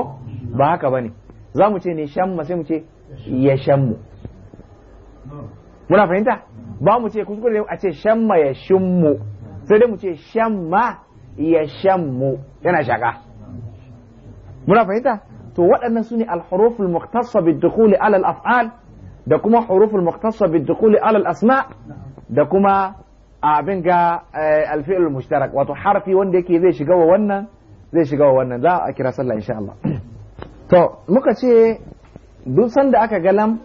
ba haka bane za mu ce ne shamma sai mu ce ya shammu muna fahimta ba mu ce kuskure a ce ma ya shimmu sai dai mu ce ma ya mu yana shaka muna fahimta to waɗannan su ne alhuruful muktasa bidukhuli ala afal da kuma huruful muktasa bidukhuli ala asma da kuma abin ga eh, alfi'il mushtarak wato harfi wanda yake zai shiga wa wannan zai shiga wa wannan za a kira sallah insha Allah to muka ce duk sanda aka ga lam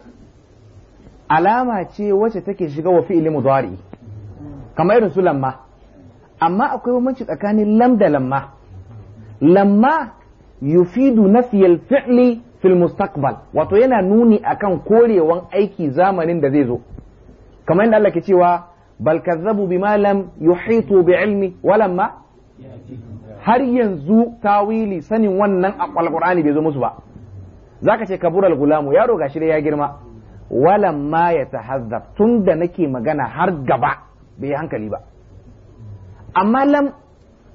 alama ce wacce take shiga wa fi'ili mudari kamar irin su lamma amma akwai bambanci tsakanin lam da lamma lamma yufidu nafiyal fi'li fil mustaqbal wato yana nuni akan korewan aiki zamanin da zai zo kamar yadda Allah ke cewa bal kazzabu bima lam yuhitu bi ilmi walamma har yanzu tawili sanin wannan alqur'ani bai zo musu ba zaka ce kabural gulamu yaro gashi dai ya girma walan ma ya tahazzab tun da nake magana har gaba bai hankali ba amma lam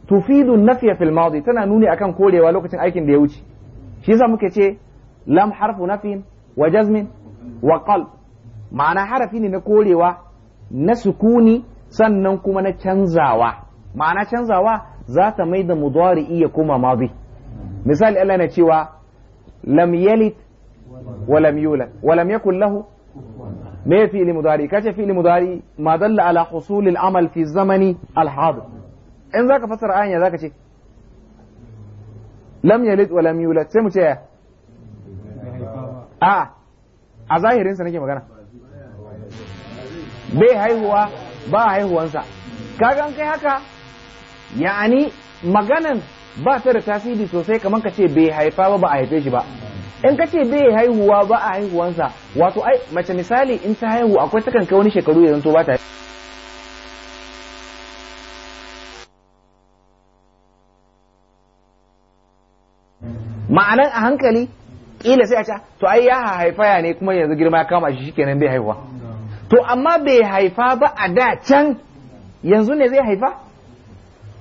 tufidu nafiya fil madi tana nuni akan korewa lokacin aikin da ya wuce shi yasa muke ce lam harfu nafin wa jazmin wa qalb ma'ana harafi ne na korewa na sukuni sannan kuma na canzawa ma'ana canzawa za ta mai da mudari iya kuma madi misali Allah na cewa lam yalid ولم يولد ولم يكن له ما فعل مضارع كاش فعل مضارع ما دل على حصول العمل في الزمن الحاضر in zaka fasara ayan ya zaka ce lam yalid wa sai mu ce ya a zahirinsa zahirin sa nake magana bai haihuwa ba haihuwansa ka an kai haka ya'ani maganan ba ta da tasiri sosai kamar ka ce bai haifa ba a haife shi ba in ka ce bai haihuwa ba a haihuwansa wato ai mace misali in ta haihu akwai takan kai wani shekaru yanzu ba ta ma'anan a hankali kila sai a ce to ai ya haifaya ne kuma yanzu girma kama shi shikenan bai haihuwa to amma bai haifa ba a da can yanzu ne zai haifa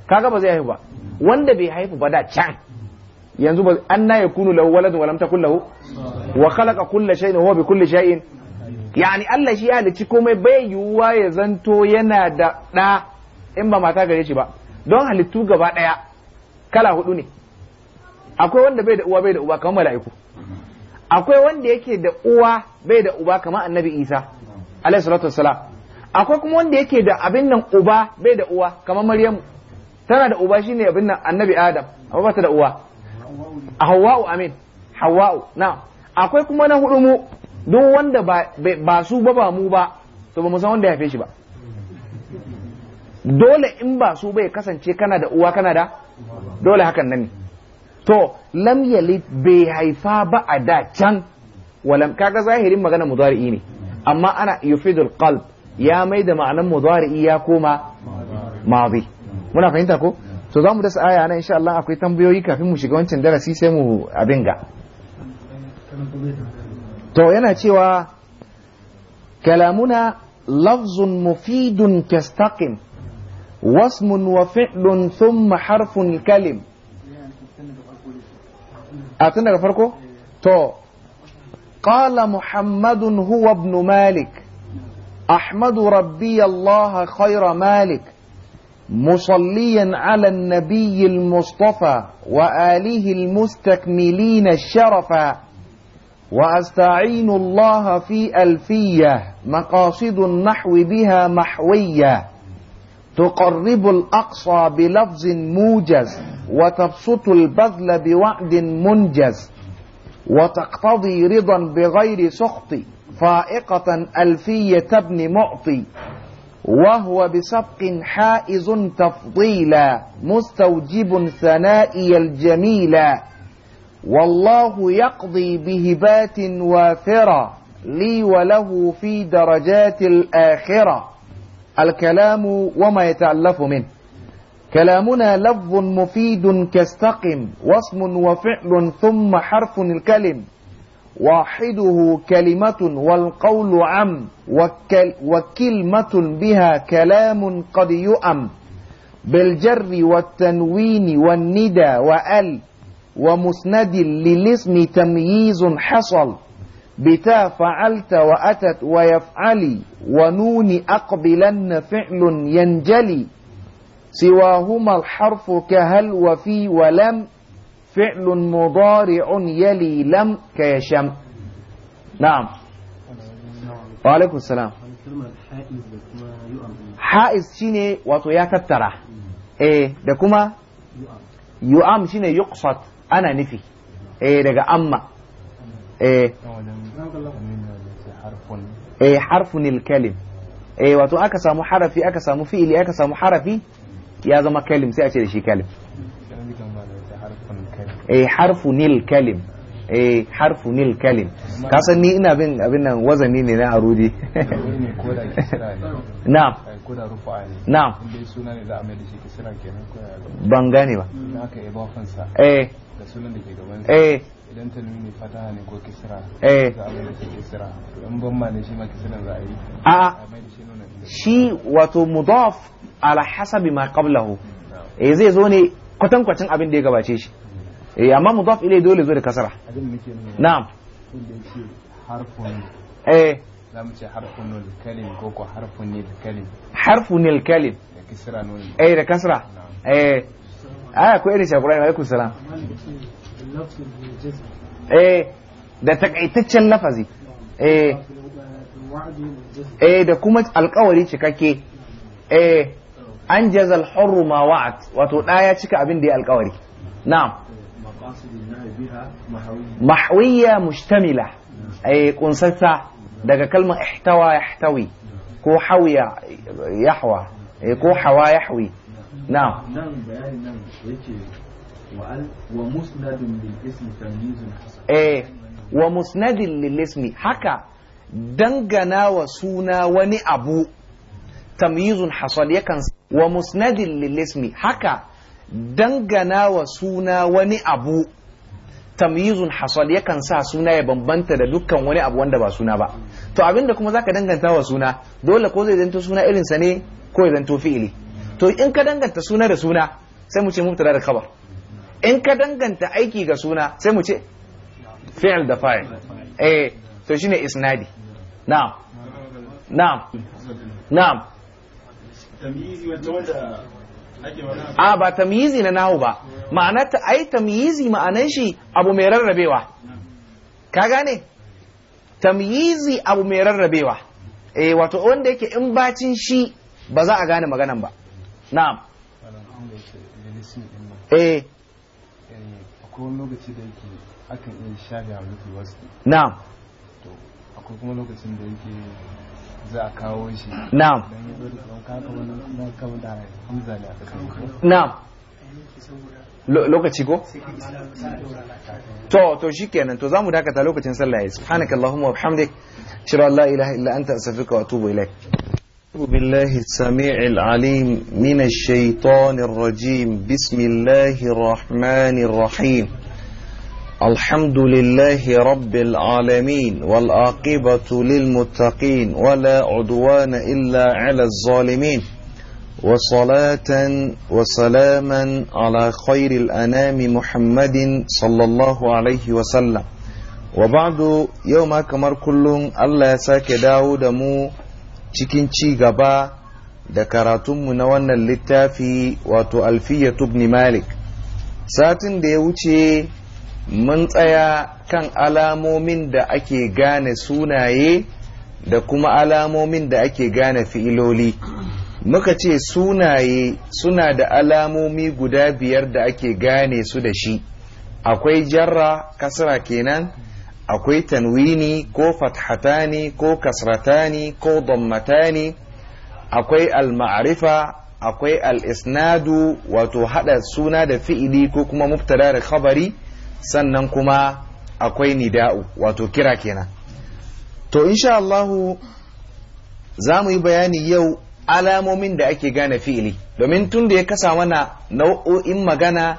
kaga ba zai haihu wanda bai haifu ba da can yanzu ba ya kunu lahu waladun walam ta takul lahu wa khalaqa kulla shay'in huwa bi kulli shay'in yani Allah shi ya halicci komai bai yiwuwa ya zanto yana da da in ba mata gare shi ba don halittu gaba ɗaya kala hudu ne akwai wanda bai da uwa bai da uba kamar mala'iku akwai wanda yake da uwa bai da uba kamar annabi isa alaihi salatu wassalam akwai kuma wanda yake da abin nan uba bai da uwa kamar maryamu tana da uba shine abin nan annabi adam amma da uwa A hawa'u amin hawa'u na akwai kuma na hudu mu duk wanda ba su ba ba mu ba to ba mu san wanda ya haife shi ba dole in ba su bai kasance kana da uwa kana da dole hakan nan ne to lam yalid bai haifa ba a da can walam kaga zahirin magana mudari'i ne amma ana yufidul qalb ya mai da ma'anan mudari'i ya koma madi muna fahimta ko to za mu dasa aya na insha Allah akwai tambayoyi kafin mu shiga wancan darasi sai mu abin ga to yana cewa kalamuna lafzun mufidun kastaqim wasmun wa fi'lun thumma harfun kalim a tun daga farko to qala muhammadun huwa ibn malik ahmadu rabbi allah khayra malik مصليا على النبي المصطفى وآله المستكملين الشرفا وأستعين الله في ألفية مقاصد النحو بها محوية تقرب الأقصى بلفظ موجز وتبسط البذل بوعد منجز وتقتضي رضا بغير سخط فائقة ألفية ابن معطي وهو بسبق حائز تفضيلا مستوجب ثنائي الجميلا والله يقضي بهبات وافرة لي وله في درجات الآخرة الكلام وما يتألف منه كلامنا لفظ مفيد كاستقم واسم وفعل ثم حرف الكلم واحده كلمة والقول عم وكل وكلمة بها كلام قد يؤم بالجر والتنوين والندى وأل ومسند للاسم تمييز حصل بتا فعلت وأتت ويفعلي ونون أقبلن فعل ينجلي سواهما الحرف كهل وفي ولم فعل مضارع يلي لم كيشم نعم وعليكم السلام حائز شيني واتو يكترى ايه ده كما يؤم شيني يقصد انا نفي ايه ده اما ايه ايه حرف الكلم ايه واتو اكسامو محرفي اكسامو في اللي اكسامو حرفي يا زما كلم سيأتي اتشي كلم eh harfu nil kalim eh harfu nil kalim ka san ni ina bin abin nan wazani ne na arudi na'am na'am ban gane ba eh da sunan da ke gaban eh idan ta nuni fataha ko kisra eh za a mai da shi kisra wato mudaf ala hasabi ma qablahu eh zai zo ne kwatankwacin abin da ya gabace shi eh amma mudaf ilai dole zo da kasara na'am harfun eh za mu da kisra eh, eh. ah, eh, da takaitaccen lafazi da kuma alkawari cikake. eh an jaza al-hurru ma wa'at wato ya cika abin da ya alkawari na'am mahawiyya mushtamila ay kunsata daga kalmar ihtawa yahtawi ko hawiya yahwa ko hawa yahwi na nan bayanin nan yake wa musnadin lil ismi tamyizun hasan eh wa musnadin lil ismi haka dangana suna wani abu tamyizun hasal wa musnadin lil haka dangana wa suna wani abu tamyizun hasal yakan sa suna ya bambanta da dukkan wani abu wanda ba suna ba to abinda kuma zaka danganta wa suna dole ko zai zanto suna irin sa ne ko ya zanto fi'ili to in ka danganta suna da suna sai mu ce mubtada da khabar in ka danganta aiki ga suna sai mu ce fi'il da fa'il eh to shine isnadi na'am na'am na'am tamyizi wanda a ba tamyizi na nahu ba ma'ana ta ai tamyizi ma'anan shi abu mai rarrabewa ka gane tamyizi abu mai rarrabewa eh wato wanda yake in bacin shi ba za a gane maganan ba na'am eh akwai lokaci da yake akan iya shafi a wasu na'am to akwai kuma lokacin da yake za a kawo shi na'am na'am lokaci ko to to shikenan to zamu dakata lokacin sallah yayi subhanakallahumma wa bihamdik shira la ilaha illa anta astaghfiruka wa atubu ilaik بالله السميع العليم من الشيطان الرجيم بسم الله الرحمن الرحيم الحمد لله رب العالمين والعاقبة للمتقين ولا عدوان إلا على الظالمين وصلاة وسلاما على خير الأنام محمد صلى الله عليه وسلم وبعد يوم كمر كل الله ساك داود مو cikin ci gaba da karatunmu na wannan littafi wato alfiyatu ibn malik satin da ya wuce mun tsaya kan alamomin da ake gane sunaye da kuma alamomin da ake gane fi'iloli muka ce sunaye suna da alamomi guda biyar da ake gane su da shi akwai jarra kasra kenan akwai tanwini ko fathatani ko kasratani ko dammatani akwai al akwai al-isnadu wato hada suna da fi'ili ko kuma mubtada da khabari sannan kuma akwai nida'u wato kira kenan to insha Allahu za mu yi bayani yau alamomin da ake gane fi'ili domin tun da ya kasa mana nau'o'in magana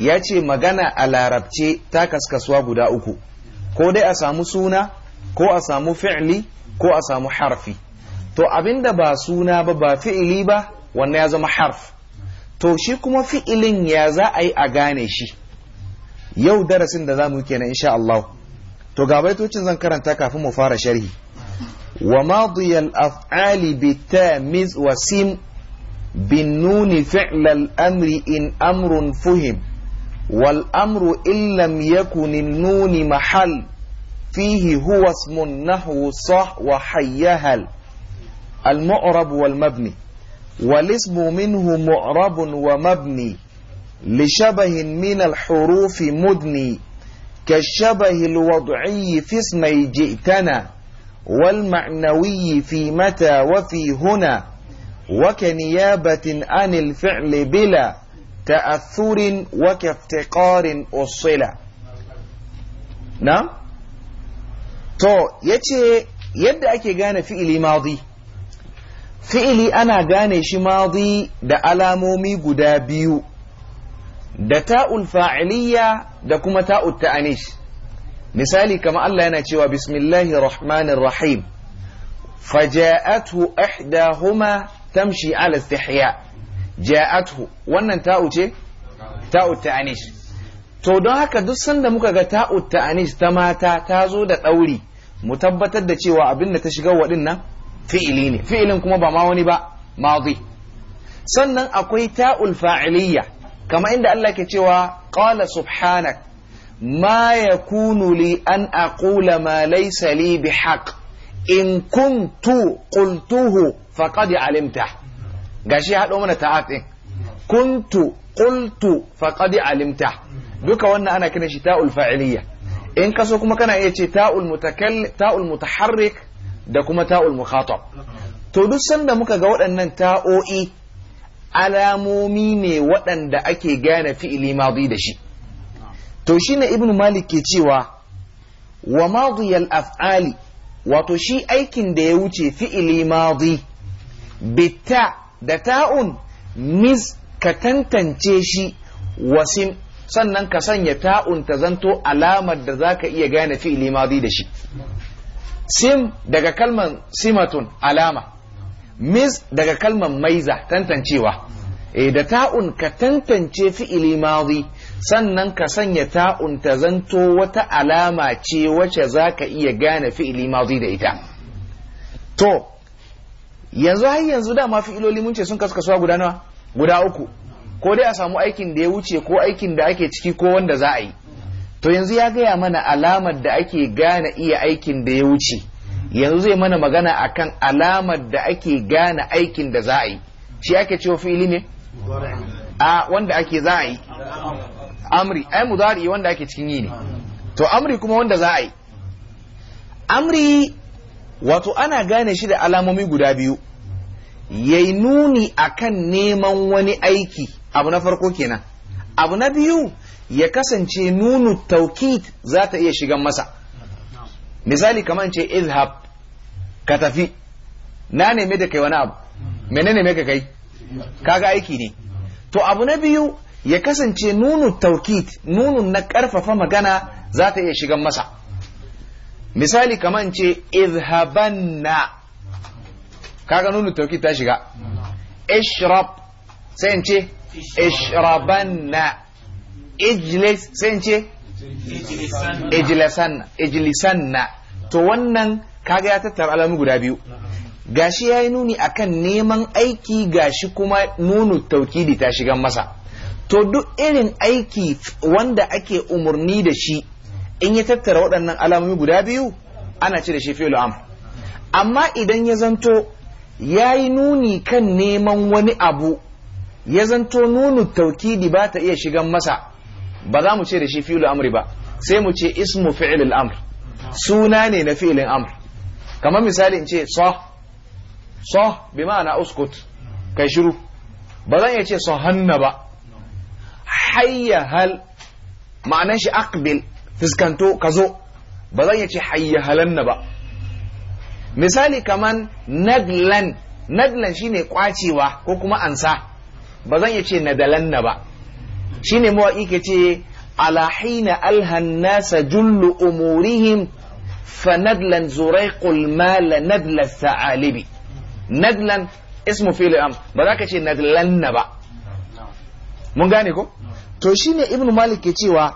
ya ce magana a larabce ta kaskasuwa guda uku ko dai a samu suna ko a samu fi'ili ko a samu harfi to abinda ba suna ba ba fi'ili ba wannan ya zama harf to shi kuma fi'ilin ya za a yi a gane shi yau darasin da zamu kenan insha Allah to ga baitocin zan karanta kafin mu fara sharhi wa madiyal af'ali bi tamiz wa sim bin nuni fi'l al amri in amrun fuhim wal amru in lam yakun an nuni mahal fihi huwa ismun nahwu sah wa hayyahal al mu'rab wal mabni wal ismu minhu mu'rabun wa mabni لشبه من الحروف مدني كالشبه الوضعي في اسمي جئتنا والمعنوي في متى وفي هنا وكنيابة عن الفعل بلا تأثر وكافتقار الصلة نعم to ya ce yadda ake gane ماضي mazi أنا ana شي ماضي دا ألامومي alamomi guda biyu da ta'ul fa'iliya da kuma ta'ul ta'anish misali kama Allah yana cewa bismillahi rahmanir rahim faja'athu ihdahuma tamshi ala istihya ja'athu wannan ta'u ce ta'u ta'anish to don haka duk sanda muka ga ta'u ta'anish ta mata ta zo da ɗauri, mu tabbatar da cewa abin da ta shiga wadin nan fi'ili ne fi'ilin kuma ba ma wani ba madi sannan akwai ta'ul fa'iliyya kama inda Allah ke cewa qala subhanak ma yakunu li an aqula ma laysa li bihaq in kuntu qultuhu faqad alimta gashi haɗo mana ta'atin kuntu qultu faqad alimta duka wannan ana kiran shi ta'ul fa'iliyya in kaso kuma kana iya ce ta'ul mutakallim ta'ul mutaharrik da kuma ta'ul mukhatab to duk sanda muka ga waɗannan ta'o'i alamomi ne waɗanda ake gane fi'ili madi da shi to shi ne ibn malik ke cewa wa madiyal af'ali wato shi aikin da ya wuce fi'ili madi bitta da ta'un mis ka tantance shi wasim sannan ka sanya ta'un ta zanto alamar da za ka iya gane fi'ili madi da shi sim daga kalmar simatun alama mis daga kalmar maiza tantancewa e da ta'un ka tantance fi'ili madi sannan ka sanya ta'un ta zanto wata alama ce wacce za ka iya gane fi'ili madi da ita to yanzu har yanzu dama fi'iloli mun ce sun kasu kasuwa guda nawa guda uku ko dai a samu aikin da ya wuce ko aikin da ake ciki ko wanda za a yi to yanzu ya gaya mana alamar da ake gane iya aikin da ya wuce yanzu zai mana magana akan alamar da ake gane aikin da za a yi shi ake cewa fi'ili ne a wanda ake za a yi amri ai mudari wanda ake cikin yi ne to amri kuma wanda za a yi amri wato ana gane shi da alamomi guda biyu yi nuni akan neman wani aiki abu na farko kenan abu na biyu ya kasance nunu taukit za ta iya shigan masa misali kamar ce izhab ka tafi na neme da kai wani abu menene ne ka kai kaga aiki ne to abu na biyu ya kasance nunu taukit nunu na karfafa magana za ta iya shigan masa misali kamar ce izhabanna kaga nunu taukit ta shiga ishrab sai in ce ishrabanna ijlis sai ce na to wannan kaga ya tattara alamu guda biyu gashi yi nuni akan neman aiki gashi kuma nunu taukidi ta shigan masa to duk irin aiki wanda ake umarni da shi in ya tattara waɗannan alamomi guda biyu ana ce da shi fi'lu am amma idan ya zanto ya yi nuni kan neman wani abu ya zanto nunu taukidi ba ta iya shigan masa ba za mu ce da shi fi'lu amri ba sai mu ce ismu fi'lil amr suna ne na fi'ilin amr kamar misali in ce so. So bi ma'ana uskut kai shiru ba zan iya ce sahanna ba hayya hal ma'anan shi aqbil fiskanto ka zo ba zan iya ce hayya halanna ba misali kaman nadlan nadlan shine kwacewa ko kuma ansa ba zan iya ce nadalanna ba shine mawaƙi ke ce Alhaina alhan nasa jullu umurihim fa nadlan mala nadla sa'alibi nadlan ismu fili am ba za ka ce nadlanna ba mun gane ko to shine ibn malik ke cewa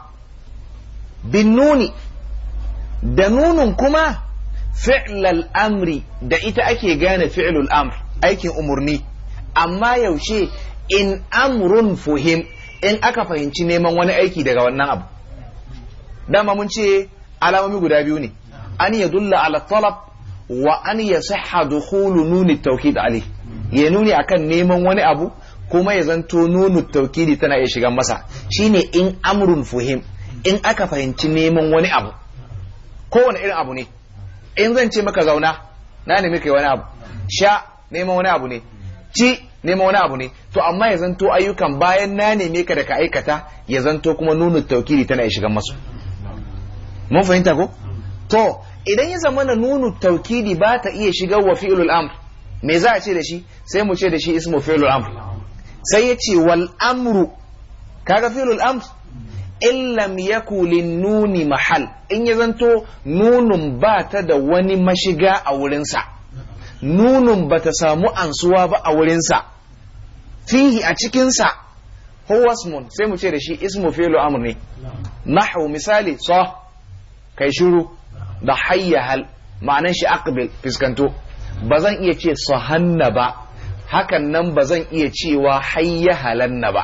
bin nuni da nunun kuma fi'lal amri da ita ake gane fi'lul amr aikin umurni amma yaushe in amrun fuhim in aka fahimci neman wani aiki daga wannan abu dama mun ce alamomi guda biyu ne an ya dulla ala talab wa an ya sahha dukhulu nuni tawkid ali ya nuni akan neman wani abu kuma ya zanto nunu tawkidi tana iya shiga masa shine in amrun fuhim in aka fahimci neman wani abu kowane irin abu ne in zan ce maka zauna na nemi kai wani abu sha neman wani abu ne ci nema wani abu ne to amma ya zanto ayyukan bayan na neme ka da ka aikata ya zanto kuma nuna taukidi tana ya shiga masu mun fahimta ko to idan ya zama na nunu taukidi ba ta iya shiga wa fiilul amr me za a ce da shi sai mu ce da shi ismu amr sai ya ce wal amru kaga fi'lul amr in lam yaku nuni mahal in ya zanto nunun ba ta da wani mashiga a wurinsa nunun ba ta samu ansuwa ba a wurinsa fihi a cikinsa huwasmun sai mu ce da shi ismu fi'lu amr ne nahu misali sa kai shiru da hayya hal ma'anan shi aqbil fiskanto ba zan iya ce sahanna ba hakan nan ba zan iya cewa hayya halanna ba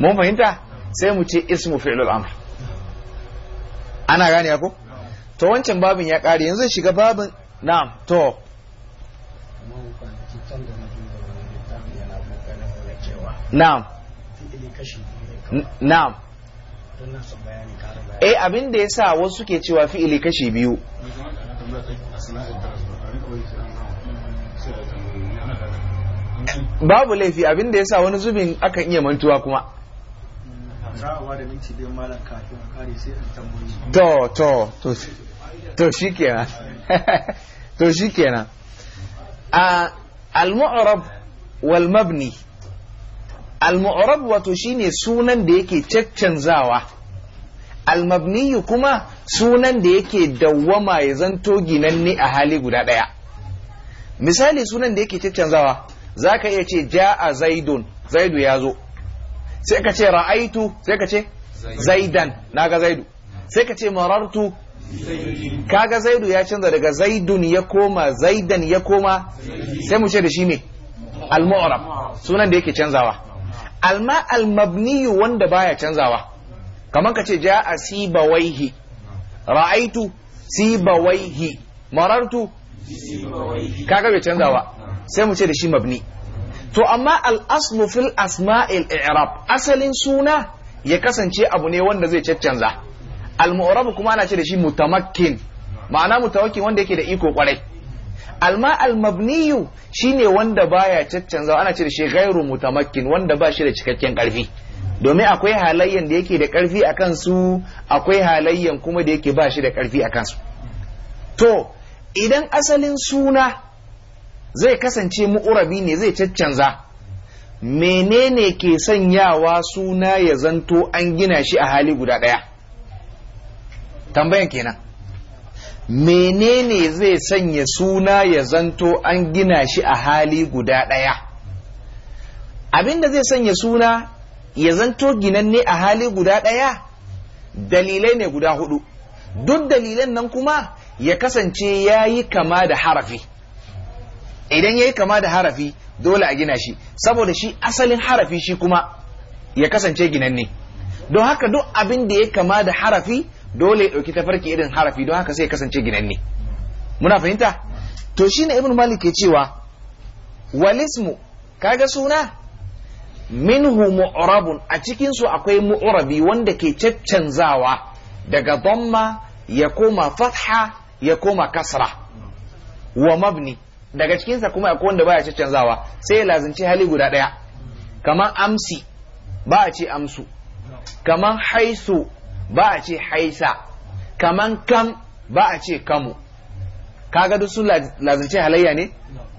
mun fahimta sai mu ce ismu fi'lul amr ana gane ko to wancan babin ya kare yanzu shiga babin na'am to na'am na'am eh abin da yasa wasu suke cewa fi'ili kashi biyu babu laifi abin da yasa wani zubin akan iya mantuwa kuma to to to to shikenan to shikenan al-mu'rab wal mabni al-mu'rab wato shine sunan da yake caccanzawa al-mabniyu kuma sunan da yake dawwama ya zanto ginanne a hali guda ɗaya. misali sunan da yake caccanzawa zaka iya ce ja'a zaidun zaidu ya zo sai ka ce ra'aitu sai ka ce zaidan naga zaidu sai ka ce marartu kaga zaidu ya canza daga zaidun ya koma zaidan ya koma sai mu ce da shi ne al sunan da yake canzawa alma almabniyu wanda baya canzawa kamar ka ce ja'a sibawaihi ra'aitu sibawaihi marartu kaga bai canzawa sai mu ce da shi mabni to amma al-aslu fil asma'il i'rab asalin suna ya kasance abu ne wanda zai caccanza al-mu'rab kuma ana ce da shi mutamakkin ma'ana mutawakkin wanda yake da iko kwarai alma almabniyu shine wanda baya caccanzawa ana ce da shi ghairu mutamakkin wanda ba shi da cikakken karfi domin akwai halayyan da yake da karfi a kansu akwai halayyan kuma da yake ba shi da karfi a kansu to idan asalin suna zai kasance mu'urabi ne zai caccanza menene ke sanyawa suna ya zanto an gina shi a hali guda ɗaya tambayan kenan menene zai sanya suna ya zanto an gina shi a hali guda ɗaya abinda zai sanya suna ya zanto ginanne a hali guda ɗaya dalilai ne guda hudu duk dalilan nan kuma ya kasance ya yi kama da harafi idan ya yi kama da harafi dole a gina shi saboda shi asalin harafi shi kuma ya kasance ginanne don haka duk abin da ya kama da harafi dole ya ɗauki tafarki irin harafi don haka sai ya kasance ginanne muna fahimta to shine ibn malik ke cewa walismu kaga suna minhu mu'rabun a cikin su akwai mu'rabi wanda ke caccanzawa daga dhamma ya koma fatha ya koma kasra wa mabni daga cikinsa kuma akwai wanda baya caccanzawa sai ya lazanci hali guda ɗaya kamar amsi ba a ce amsu kamar haisu ba a ce haisa kaman kam ba a ce kamu kaga duk su lazance halayya ne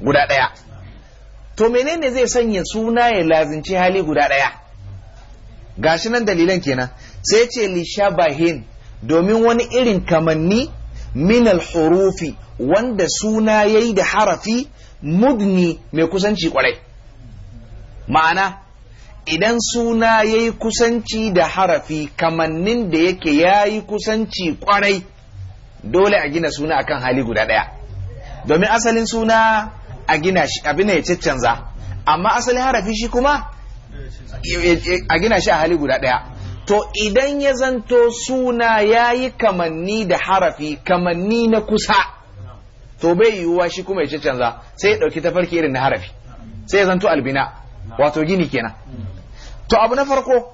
guda ɗaya to menene zai sanya suna ya lazance hali guda ɗaya gashi nan dalilan kenan sai ce li shabahin domin wani irin kamanni min hurufi wanda suna yayi da harafi mudni mai kusanci kwarai ma'ana idan suna ya yi kusanci da harafi kamannin da yake ya yi kusanci kwarai dole a gina suna akan hali guda ɗaya domin asalin suna a gina abin ya canza amma asalin harafi shi kuma a gina shi a hali guda ɗaya to idan ya zanto suna ya yi kamanni da harafi kamanni na kusa to bai yiwuwa shi kuma ya canza sai ya ɗauki tafarki irin na harafi sai ya zanto albina wato gini kenan to abu na farko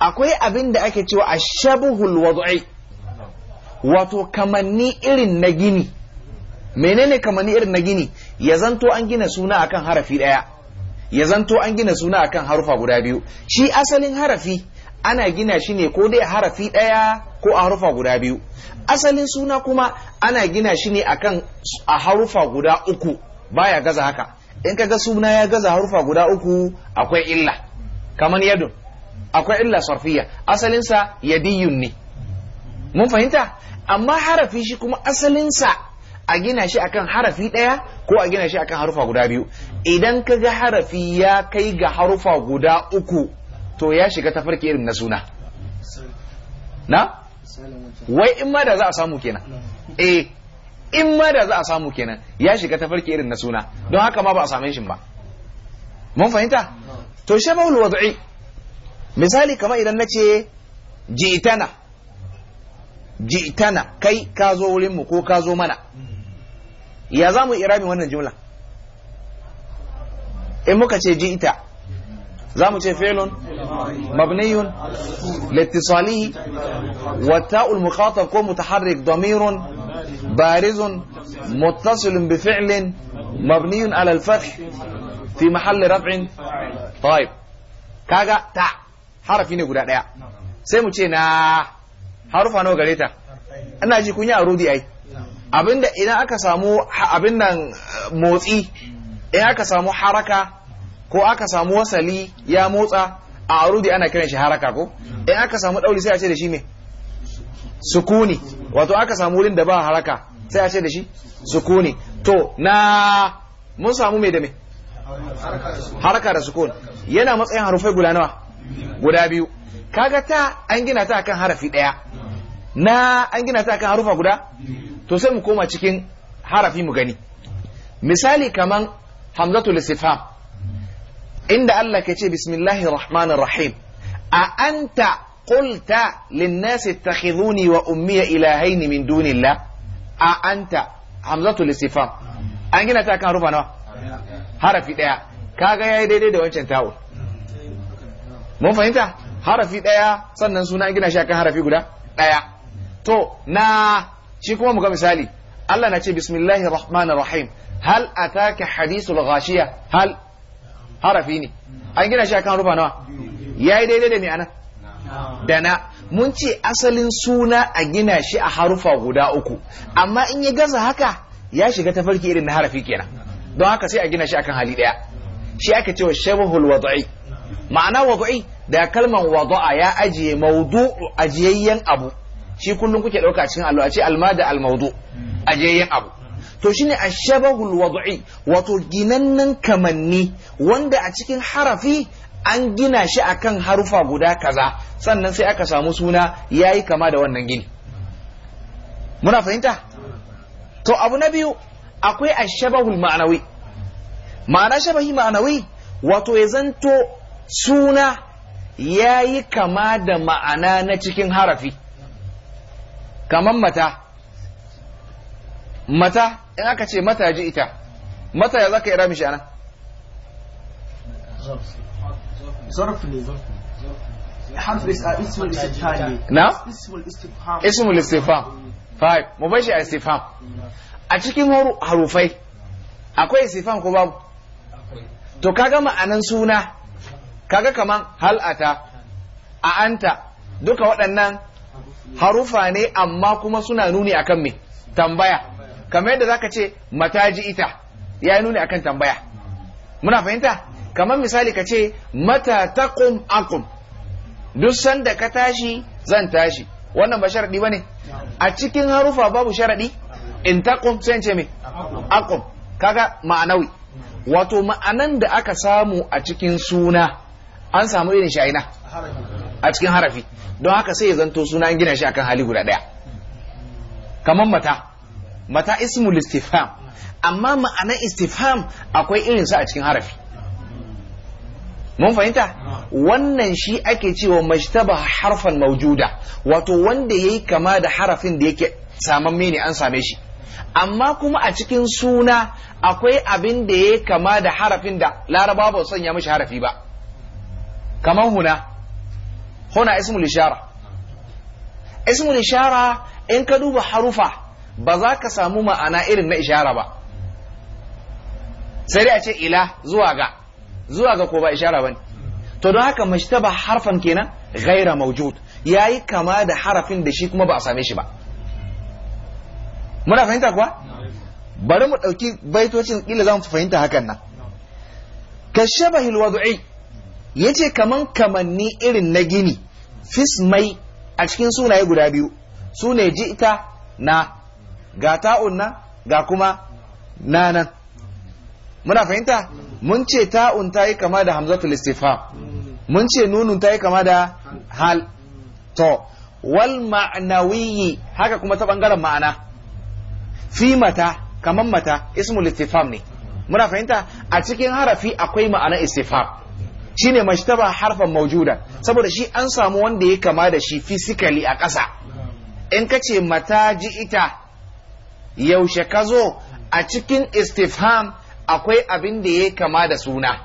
akwai abin da ake cewa a ashabuhul wad'i wato kamanni irin na gini menene kamanni irin na gini ya zanto an gina suna akan harafi daya ya zanto an gina suna akan harufa guda biyu shi asalin harafi ana gina shi ne ko dai harafi daya ko a harufa guda biyu asalin suna kuma ana gina shi ne akan a harufa guda uku baya gaza haka in ka ga suna ya gaza harufa guda uku akwai illa kamar yadun akwai illa sarfiya asalinsa yadiyun ne mun fahimta amma harafi shi kuma asalinsa a gina shi akan harafi ɗaya ko a gina shi akan harufa guda biyu idan ka ga harafi ya kai ga harufa guda uku to ya shiga tafarki irin na suna na wai in ma da za a samu kenan eh in ma da za a samu kenan ya shiga ta tafarki irin na suna don haka ma ba a same shi ba mun fahimta to shabahul wad'i misali kamar idan na ce ji'tana ji'tana kai ka zo wurin mu ko ka zo mana ya za mu irabi wannan jumla in muka ce jita. za mu ce felun, mabniyun littisali wa ta'ul ko mutaharrik damirun barizun muttasilun bi mabniyun ala fi mahalli raf'in طيب kaga ta harafi ne guda daya sai mu ce na harufa nawa gare ta ina ji kunya yi a rudi ai abinda idan aka samu abin nan eh, motsi idan aka samu haraka ko aka samu wasali ya motsa a arudi ana kiran shi haraka ko in aka samu dauri sai a ce da shi me sukuni wato aka samu wurin da ba haraka sai a ce da shi sukuni to na mun samu me da me haraka da sukuni yana matsayin harufai guda nawa guda biyu kaga ta an gina ta akan harafi daya na an gina ta akan harufa guda to sai mu koma cikin harafi mu gani misali kaman hamzatul istifham inda Allah ke ce bismillahir rahmanir rahim a anta qulta lin-nas wa ummi ilahaini min dunillah a anta hamzatu listifam an gina ta kan rufa nawa harafi daya kaga yayi daidai da wancan tawul mun fahimta harafi daya sannan suna an gina shi kan harafi guda daya to na shi kuma muga misali Allah na ce bismillahir rahmanir rahim hal ataka hadithul ghashiya hal harafi ne an gina shi akan rufa nawa Ya yi daidai da me anan da na mun ce asalin suna a gina shi a harufa guda uku amma in ya gaza haka ya shiga tafarki irin na harafi kenan don haka sai a gina shi akan hali daya shi aka cewa shabahul wad'i ma'ana wad'i da kalman wada'a ya ajiye mawdu'u ajiyayyen abu shi kullum kuke dauka cikin allo a alma da almawdu ajiyayyen abu to shine ashabahul wad'i wato ginannen kamanni wanda a cikin harafi an gina shi akan harufa guda kaza sannan sai aka samu suna yayi kama da wannan gini muna fahimta to abu na biyu akwai ashabahul ma'nawi ma'ana shabahi ma'nawi wato ya zanto suna yayi kama da ma'ana na cikin harafi kaman mata mata in aka ce mata ya ji ita mata ya za ka yi rami shi ana uh, na ismul istifham five mu bar shi a istifham a cikin harufai akwai istifham ko babu to kaga ma'anan suna kaga kaman hal'ata a anta duka waɗannan harufa ne amma kuma suna nuni akan mai, tambaya kamar yadda zaka ce mataji ita ya nuni akan tambaya muna fahimta kamar misali ka ce mata taqum aqum duk sanda ka tashi zan tashi wannan ba sharadi bane a cikin harufa babu sharaɗi in taqum sai ce me aqum kaga ma'anawi wato ma'anan da aka samu a cikin suna an samu irin shayina a cikin harafi don haka sai ya zanto suna an gina shi akan hali guda daya kamar mata mata ismul istifham amma ma'ana istifham akwai irin su a cikin harafi mun fahimta wannan shi ake cewa majtaba harfan maujuda wato wanda yayi kama da harafin da yake saman ne an same shi amma kuma a cikin suna akwai abin da yayi kama da harafin da laraba ba sanya mishi harafi ba kamar huna huna ismul ishara ismul ishara in ka duba harufa ba za ka samu ma'ana irin na ishara ba sai dai a ce ila zuwa ga zuwa ga ko ba ishara ba ne to don haka ba harfan kenan ghaira ya yi kama da harafin da shi kuma ba a same shi ba muna fahimta kuwa bari mu ɗauki baitocin ƙila za mu fahimta hakan nan ka shabahil wadu'i ce kaman kamanni irin na gini fis mai a cikin sunaye guda biyu su ne ita na ga ta'un nan ga kuma nanan muna fahimta mun ce ta'un ta yi kama da hamzatul istifham mun ce nunun ta yi kama da hal to wal ma'nawiyi haka kuma ta bangaren ma'ana fi mata kaman mata ismul istifham ne muna fahimta a cikin harafi akwai ma'ana istifham shine taba harfan maujuda saboda shi an samu wanda ya kama da shi fisikali a ƙasa in ka ce mata ji ita yaushe ka zo a cikin istifham akwai abin da ya kama da suna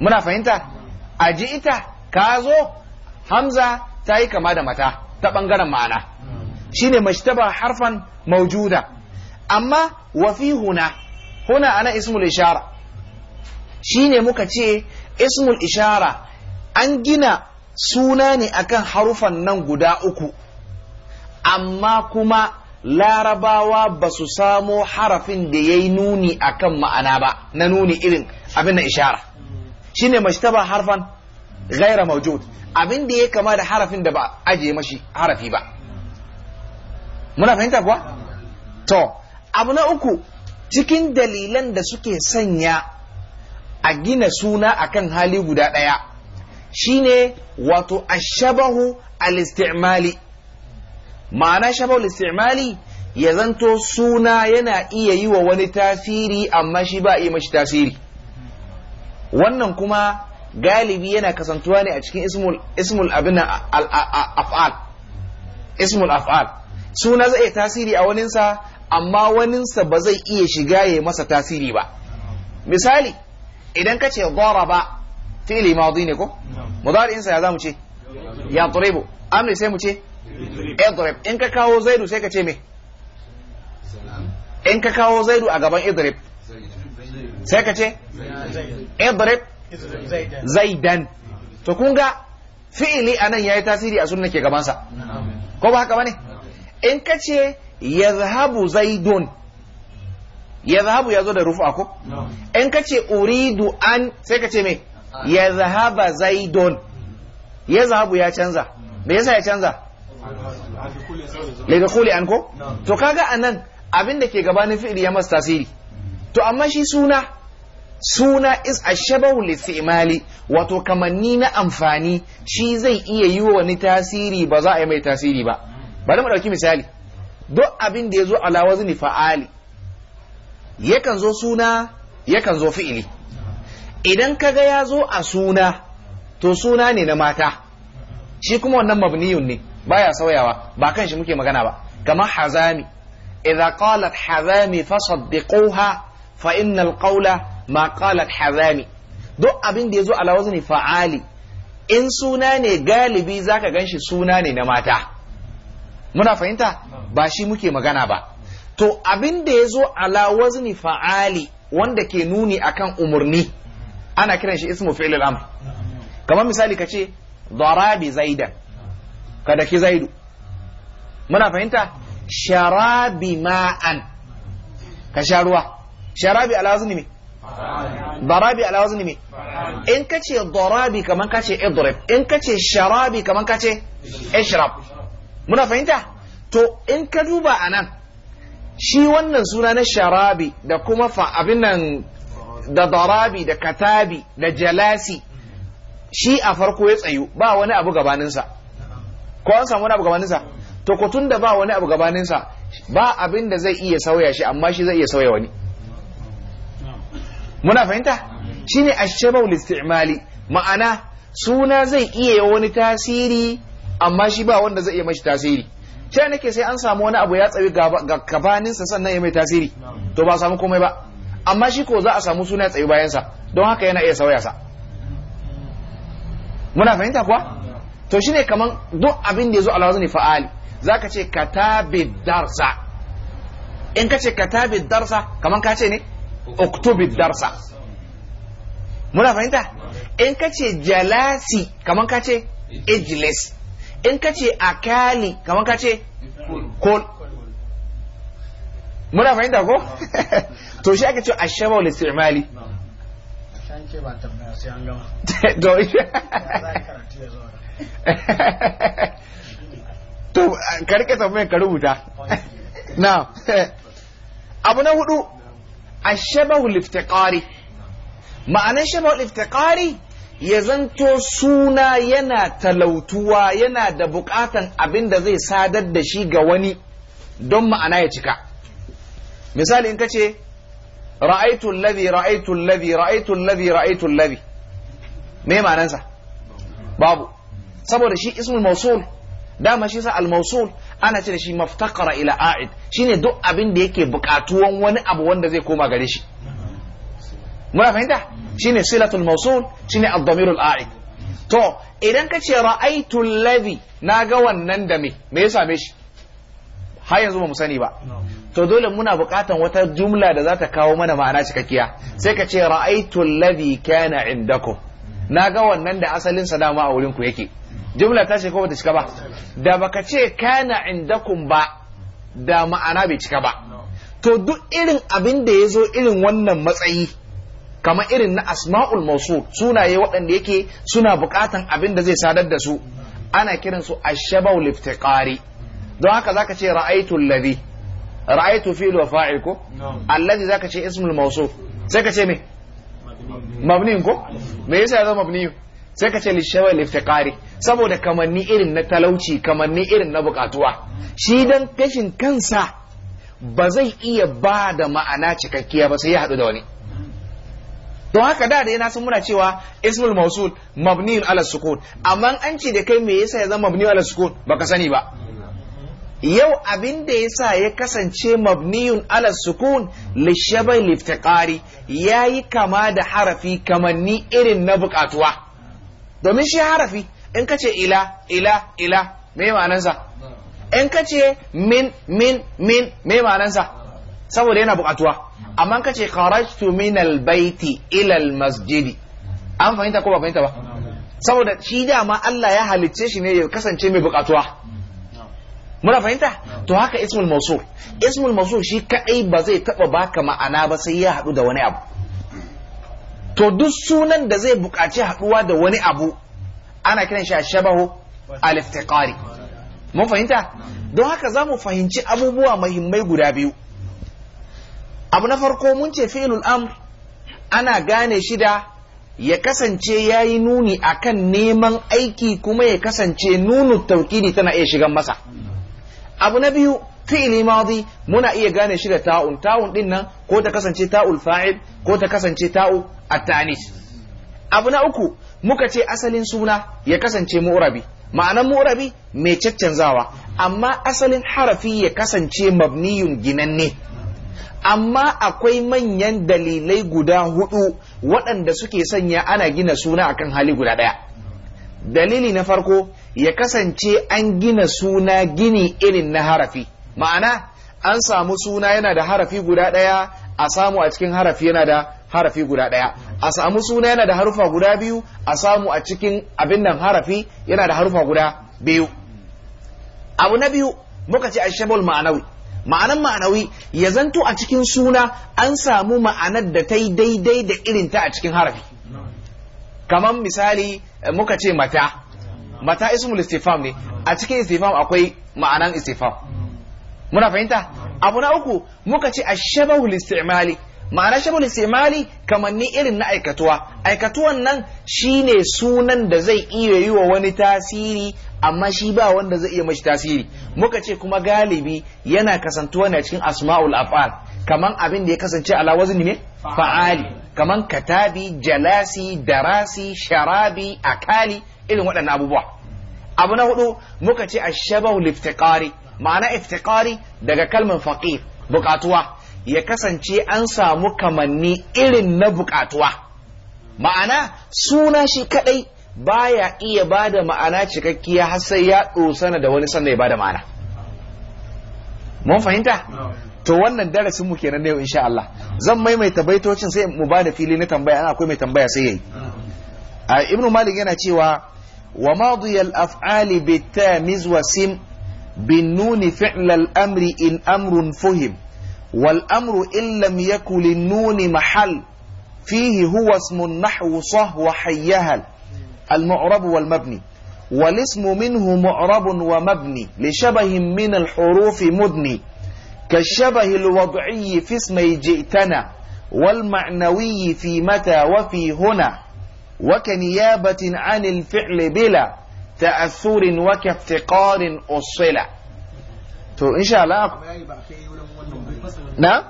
muna fahimta a ji ita ka zo hamza ta yi kama da mata ta ɓangaren ma'ana shine mashtaba harfan maujuda amma wafi huna huna ana ismul ishara shi ne muka ce ismul ishara an gina suna ne akan harufan nan guda uku amma kuma larabawa ba su samo harafin da ya yi nuni a kan ma'ana ba na nuni irin abin na ishara shi ne mashtaba harfan gaira maujud abin da ya kama da harafin da ba ajiye mashi harafi ba muna fahimta kuwa to abu na uku cikin dalilan da suke sanya a gina suna akan hali guda ɗaya shine wato ashabahu al-istimali ma'ana shabahul istimali ya zanto suna yana iya yi wa wani tasiri amma shi ba iya mashi tasiri wannan kuma galibi yana kasantuwa ne a cikin ismul abin af'al ismul af'al suna zai iya tasiri a waninsa amma waninsa ba zai iya shiga ya masa tasiri ba misali idan ka ce ba fi'li madi ne ko insa ya mu ce ya turibu amri sai mu ce idrib eh, in ka kawo zaidu sai ka ce me in ka kawo zaidu a gaban idrib sai ka ce idrib zaidan to kun ga fi'ili a nan ya yi tasiri a sunan ke gabansa ko ba haka ba ne in ka ce ya zahabu zaidun ya zo da rufu ko in ka ce uridu an sai ka ce me zahaba zaidun zahabu ya canza me yasa ya canza lidkhuli anko, to to kaga anan abinda da ke gabanin fi'ili ya masu tasiri to amma shi suna suna is ashabahu imali wato kamanni na amfani shi zai iya yi wa wani tasiri ba za a yi mai tasiri ba bari mu dauki misali duk abin da ya zo ala wazni fa'ali yakan zo suna yakan zo fi'ili idan kaga ya zo a suna to suna ne na mata shi kuma wannan mabniyun ne baya sauyawa ba kan shi muke magana ba kama hazami idza qalat hazami fasaddiquha fa innal qawla ma qalat hazami duk abin da yazo ala wazni fa'ali in suna ne galibi zaka ganshi suna ne na mata muna fahimta ba shi muke magana ba to abin da yazo ala wazni fa'ali wanda ke nuni akan umurni ana kiran shi ismu fi'l al-amr kamar misali kace darabi zaidan ka ki zaidu muna fahimta sharabi ma'an ka sha ruwa sharabi alawazni me darabi alawazni me in ka ce darabi kaman ka ce idrib in ka ce sharabi kaman kace ishrab muna fahimta to in ka duba anan shi wannan suna na sharabi da kuma fa abin nan da darabi da katabi da jalasi shi a farko ya tsayu ba wani abu gabaninsa ko an samu wani abu gabaninsa to ko tun da ba wani abu gabaninsa ba abin da zai iya sauya shi amma shi zai iya sauya wani muna fahimta shine ashabul istimali ma'ana suna zai iya wani tasiri amma shi ba wanda zai iya mashi tasiri ce nake sai an samu wani abu ya tsawi gabaninsa sannan ya mai tasiri to ba samu komai ba amma shi ko za a samu suna tsayi bayansa don haka yana iya sauya sa muna fahimta kuwa to shine kaman duk abin da yazo ala wazni fa'ali zaka ce katabi darsa in ka ce katabi darsa kaman ka ce ne uktubi darsa muna fahimta in ka ce jalasi kaman ka ce ijlis in ka ce akali kaman ka ce kol muna fahimta ko to shi ake ce ashaba wal istimali to to karke tambayar ka rubuta na abu na hudu ashabahul iftiqari ma'anar shabahul iftiqari ya zanto suna yana talautuwa yana da buƙatan abin da zai sadar da shi ga wani don ma'ana ya cika misali in ka ce ra'aitu labi ra'aitu labi ra'aitu labi ra'aitu labi me ma'anansa babu saboda shi ismul mausul dama shi sa al-mausul ana ce da shi maftaqara ila a'id shine duk abin da yake buƙatuwan wani abu wanda zai koma gare shi muna fahimta shine silatul mausul shine ad al a'id to idan ka ce ra'aytu alladhi naga wannan da me me ya same shi har yanzu ba mu sani ba to dole muna buƙatan wata jumla da za ta kawo mana ma'ana cikakkiya sai ka ce ra'aytu alladhi kana indakum naga wannan da asalin sa dama a wurin ku yake jumla ta ce bata cika ba da baka ce kana indakum ba da ma'ana bai cika ba to duk irin abin da ya zo irin wannan matsayi kamar irin na asma'ul masu sunaye waɗanda yake suna buƙatan abin da zai sadar da su ana kiran kiransu ashabau liftiqari don haka zaka ce ra'aytu alladhi ra'aytu fi'l wa fa'il ko alladhi zaka ce ismul mausul sai ka ce me mabni ko me yasa ya zama mabni sai ka ce lishawar iftiqari saboda kamanni irin na talauci kamanni irin na bukatuwa shi dan kashin kansa ba zai iya ba da ma'ana cikakkiya ba sai ya hadu da wani don haka da da yana sun muna cewa ismul mausul mabniyun ala sukun amma an ce da kai me yasa ya zama mabniyun ala sukun baka sani ba yau abin da yasa ya kasance mabniyun ala sukun lishabai liftiqari yayi kama da harafi kamanni irin na bukatuwa domin shi harafi in ka ce ila ila ila me ma'anansa in ka ce min min min me ma'anansa saboda yana buƙatuwa amma ka ce kharajtu min albayti ila almasjidi an fahimta ko ba fahimta ba saboda shi dama Allah ya halicce shi ne ya kasance mai buƙatuwa muna fahimta to haka ismul mawsul ismul mawsul shi kadai ba zai taba baka ma'ana ba sai ya haɗu da wani abu to duk sunan da zai buƙaci haɗuwa da wani abu ana kiran shi a shabahu al-iftiqari mun fahimta don haka za mu fahimci abubuwa muhimmai guda biyu abu na farko mun ce fi'lul amr ana gane shi da ya kasance ya yi nuni akan neman aiki kuma ya kasance nunu taukidi tana iya shigan masa abu na biyu fi'ili madi muna iya gane shi da ta'un ta'un din nan ko ta kasance ta'ul fa'il ko ta kasance ta'u at-tanis abu na uku muka ce asalin suna ya kasance mu'rabi ma'anan mu'rabi mai caccanzawa amma asalin harafi ya kasance mabniyun ginanne amma akwai manyan dalilai guda hudu waɗanda suke sanya ana gina suna akan hali guda ɗaya dalili na farko ya kasance an gina suna gini irin na harafi ma'ana an samu suna yana da harafi guda ɗaya a samu a cikin harafi yana da harafi guda ɗaya a samu suna yana da harufa guda biyu a samu a cikin abin nan harafi yana da harufa guda biyu abu na biyu muka ce ashabul ma'anawi ma'anan ma'anawi ya zanto a cikin suna an samu ma'anar da ta yi daidai da irin ta a cikin harafi kamar misali muka ce mata mata ismul istifam ne a cikin istifam akwai ma'anan istifam muna fahimta abu na uku muka ce ashabahul istimali ma'ana shabul istimali ni irin na aikatuwa aikatuwan nan shine sunan da zai iya yi wa wani tasiri amma shi ba wanda zai iya mashi tasiri muka ce kuma galibi yana kasantuwa ne cikin asma'ul af'al kaman abin da ya kasance ala wazni ne fa'ali kaman katabi jalasi darasi sharabi akali irin waɗannan abubuwa abu na hudu muka ce ashabahul iftiqari ma'ana iftiqari daga kalmar faqir bukatuwa ya kasance an samu kamanni irin na bukatuwa ma'ana suna shi kadai baya iya bada ma'ana cikakkiya har sai ya dosana da wani sanda ya bada ma'ana mun fahimta to wannan darasin mu kenan ne insha Allah zan maimaita baitocin sai mu bada fili na tambaya ana akwai mai tambaya sai yayi ibnu malik yana cewa wa madiyal af'ali bitamiz wa sim بالنون فعل الأمر إن أمر فهم والأمر إن لم يكن للنون محل فيه هو اسم النحو صه وحيهل المعرب والمبني والاسم منه معرب ومبني لشبه من الحروف مدني كالشبه الوضعي في اسمي جئتنا والمعنوي في متى وفي هنا وكنيابة عن الفعل بلا تأثر وكافتقار أصلا تو إن شاء الله نعم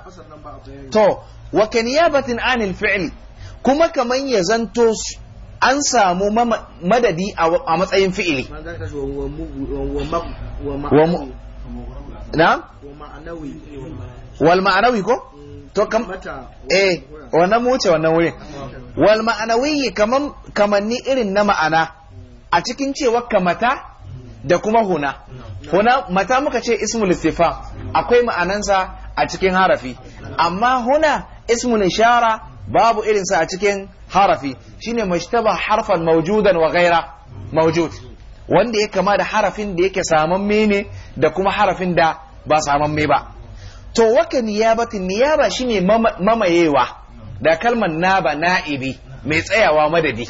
تو وكنيابة عن الفعل كما كمان يزنتو an samu madadi a matsayin fi'ili na? wal ma'anawi ko? to kam eh wannan wuce wannan wurin wal ma'anawi kaman kamanni irin na ma'ana a cikin cewa ka mata da kuma huna huna mata muka ce ismul istifham akwai ma'anansa a cikin harafi amma huna ismu nishara babu irinsa a cikin harafi shine mashtaba harfan maujudan wa ghaira mawjud wanda ya kama da harafin da yake saman mene da kuma harafin da ba saman me ba to waka niyabatin niyaba shine mamayewa da kalmar naba na'ibi mai tsayawa madadi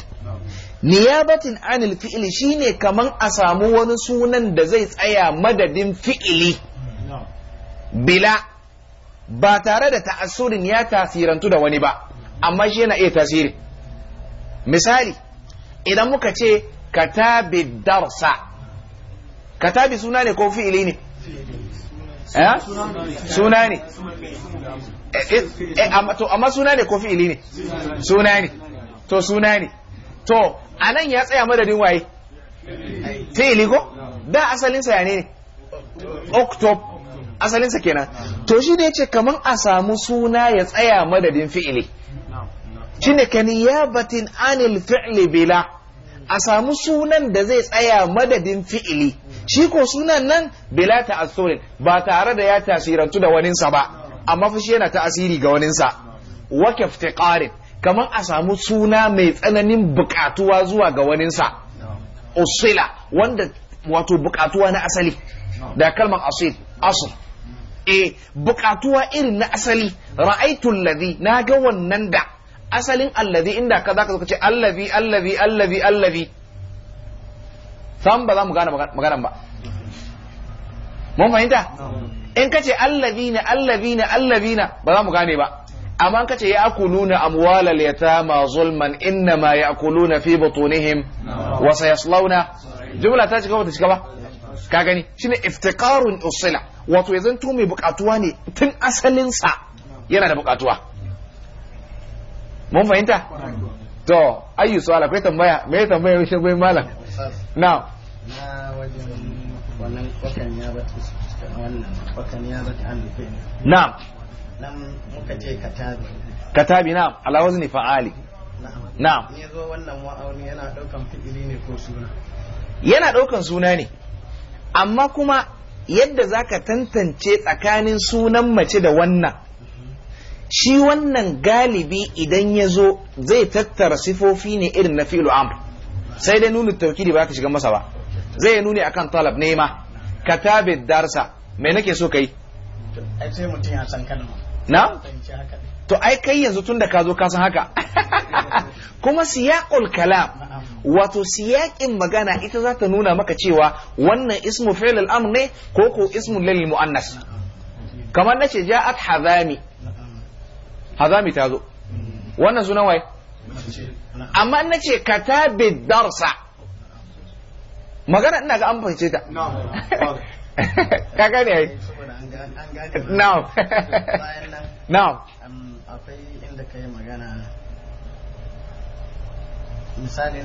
niyabatin anil fi'ili shine kaman a samu wani sunan da zai tsaya madadin fi'ili bila ba tare da ta'assurin ya tasirantu da wani ba amma shi yana iya tasiri misali idan muka ce katabi darsa katabi suna ne ko fi'ili ne suna ne amma suna ne ko fi'ili ne suna ne to suna ne to a nan ya tsaya madadin waye Fili ko da asalinsa ya ne ne oktob asalinsa kenan to shi ne ce kamar a samu suna ya tsaya madadin fi'ili shi ne ka niyabatin anil fi'li bila a samu sunan da zai tsaya madadin fi'ili shi ko sunan nan bila ta'assurin ba tare da ya tasirantu da waninsa ba amma fa shi yana ta'asiri ga waninsa wa kaftiqarin kamar a samu suna mai tsananin bukatuwa zuwa ga waninsa usila wanda wato bukatuwa na asali da kalmar asil asil mm. e eh, bukatuwa irin na asali ra'aitu alladhi na ga wannan da asalin alladhi inda ka zaka ce allazi allazi allazi allazi sam ba za mu gane maganan ba mun fahimta in ka ce allazi na allazi na allazi na ba za mu gane ba amma kace ya akuluna amwalal yatama zulman innama yakuluna fi butunihim wa sayaslawna jumla ta cika ta cika ba ka gani shine iftiqarun usila wato ya zanto mai bukatuwa ne tun asalinsa sa yana da bukatuwa mun fahimta to ayyu su'ala kai tambaya Mai tambaya shi goyin malam na wannan kwakan ya bata wannan kwakan ya bata an rufe na nan muka ce katabi katabi na ala wazni fa'ali na ya zo wannan wa'auni yana daukan fi'ili ne ko suna yana daukan suna ne amma kuma yadda za ka tantance tsakanin sunan mace da wannan shi wannan galibi idan ya zo zai tattara sifofi ne irin na filo am. sai dai nuna taukidi ba ka shiga masa ba zai nuni akan talab nema katabe darsa me nake so ka yi sai mutum ya san kalma na to ai kai yanzu tunda ka zo ka san haka kuma siyaqul kalam wato siyaqin magana ita za ta nuna maka cewa wannan ismu fi'l al-amr ne ko ko ismu lil muannas kamar na nace ja'at hazami hazami ta zo mm. wannan sunan waye amma na nace katabi darsa magana ina ga an fahimce ta ka gane ai now now akwai inda ka na'am me yasa ya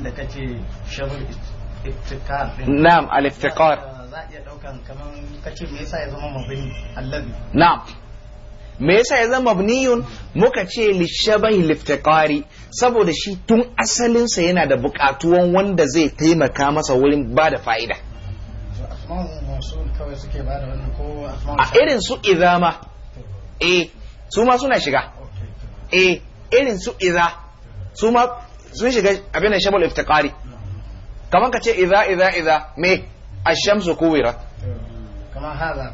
zama bniyun na'am me yasa ya zama mabniyun muka ce lishabai liftiqari saboda shi tun asalinsa yana da bukatuwan wanda zai taimaka masa wurin ba da fa'ida a irin su iza ma eh su ma suna shiga eh irin su iza su ma sun shiga abin shabal iftikari kamar ka ce iza iza iza me a shamsu kuwirat kamar haza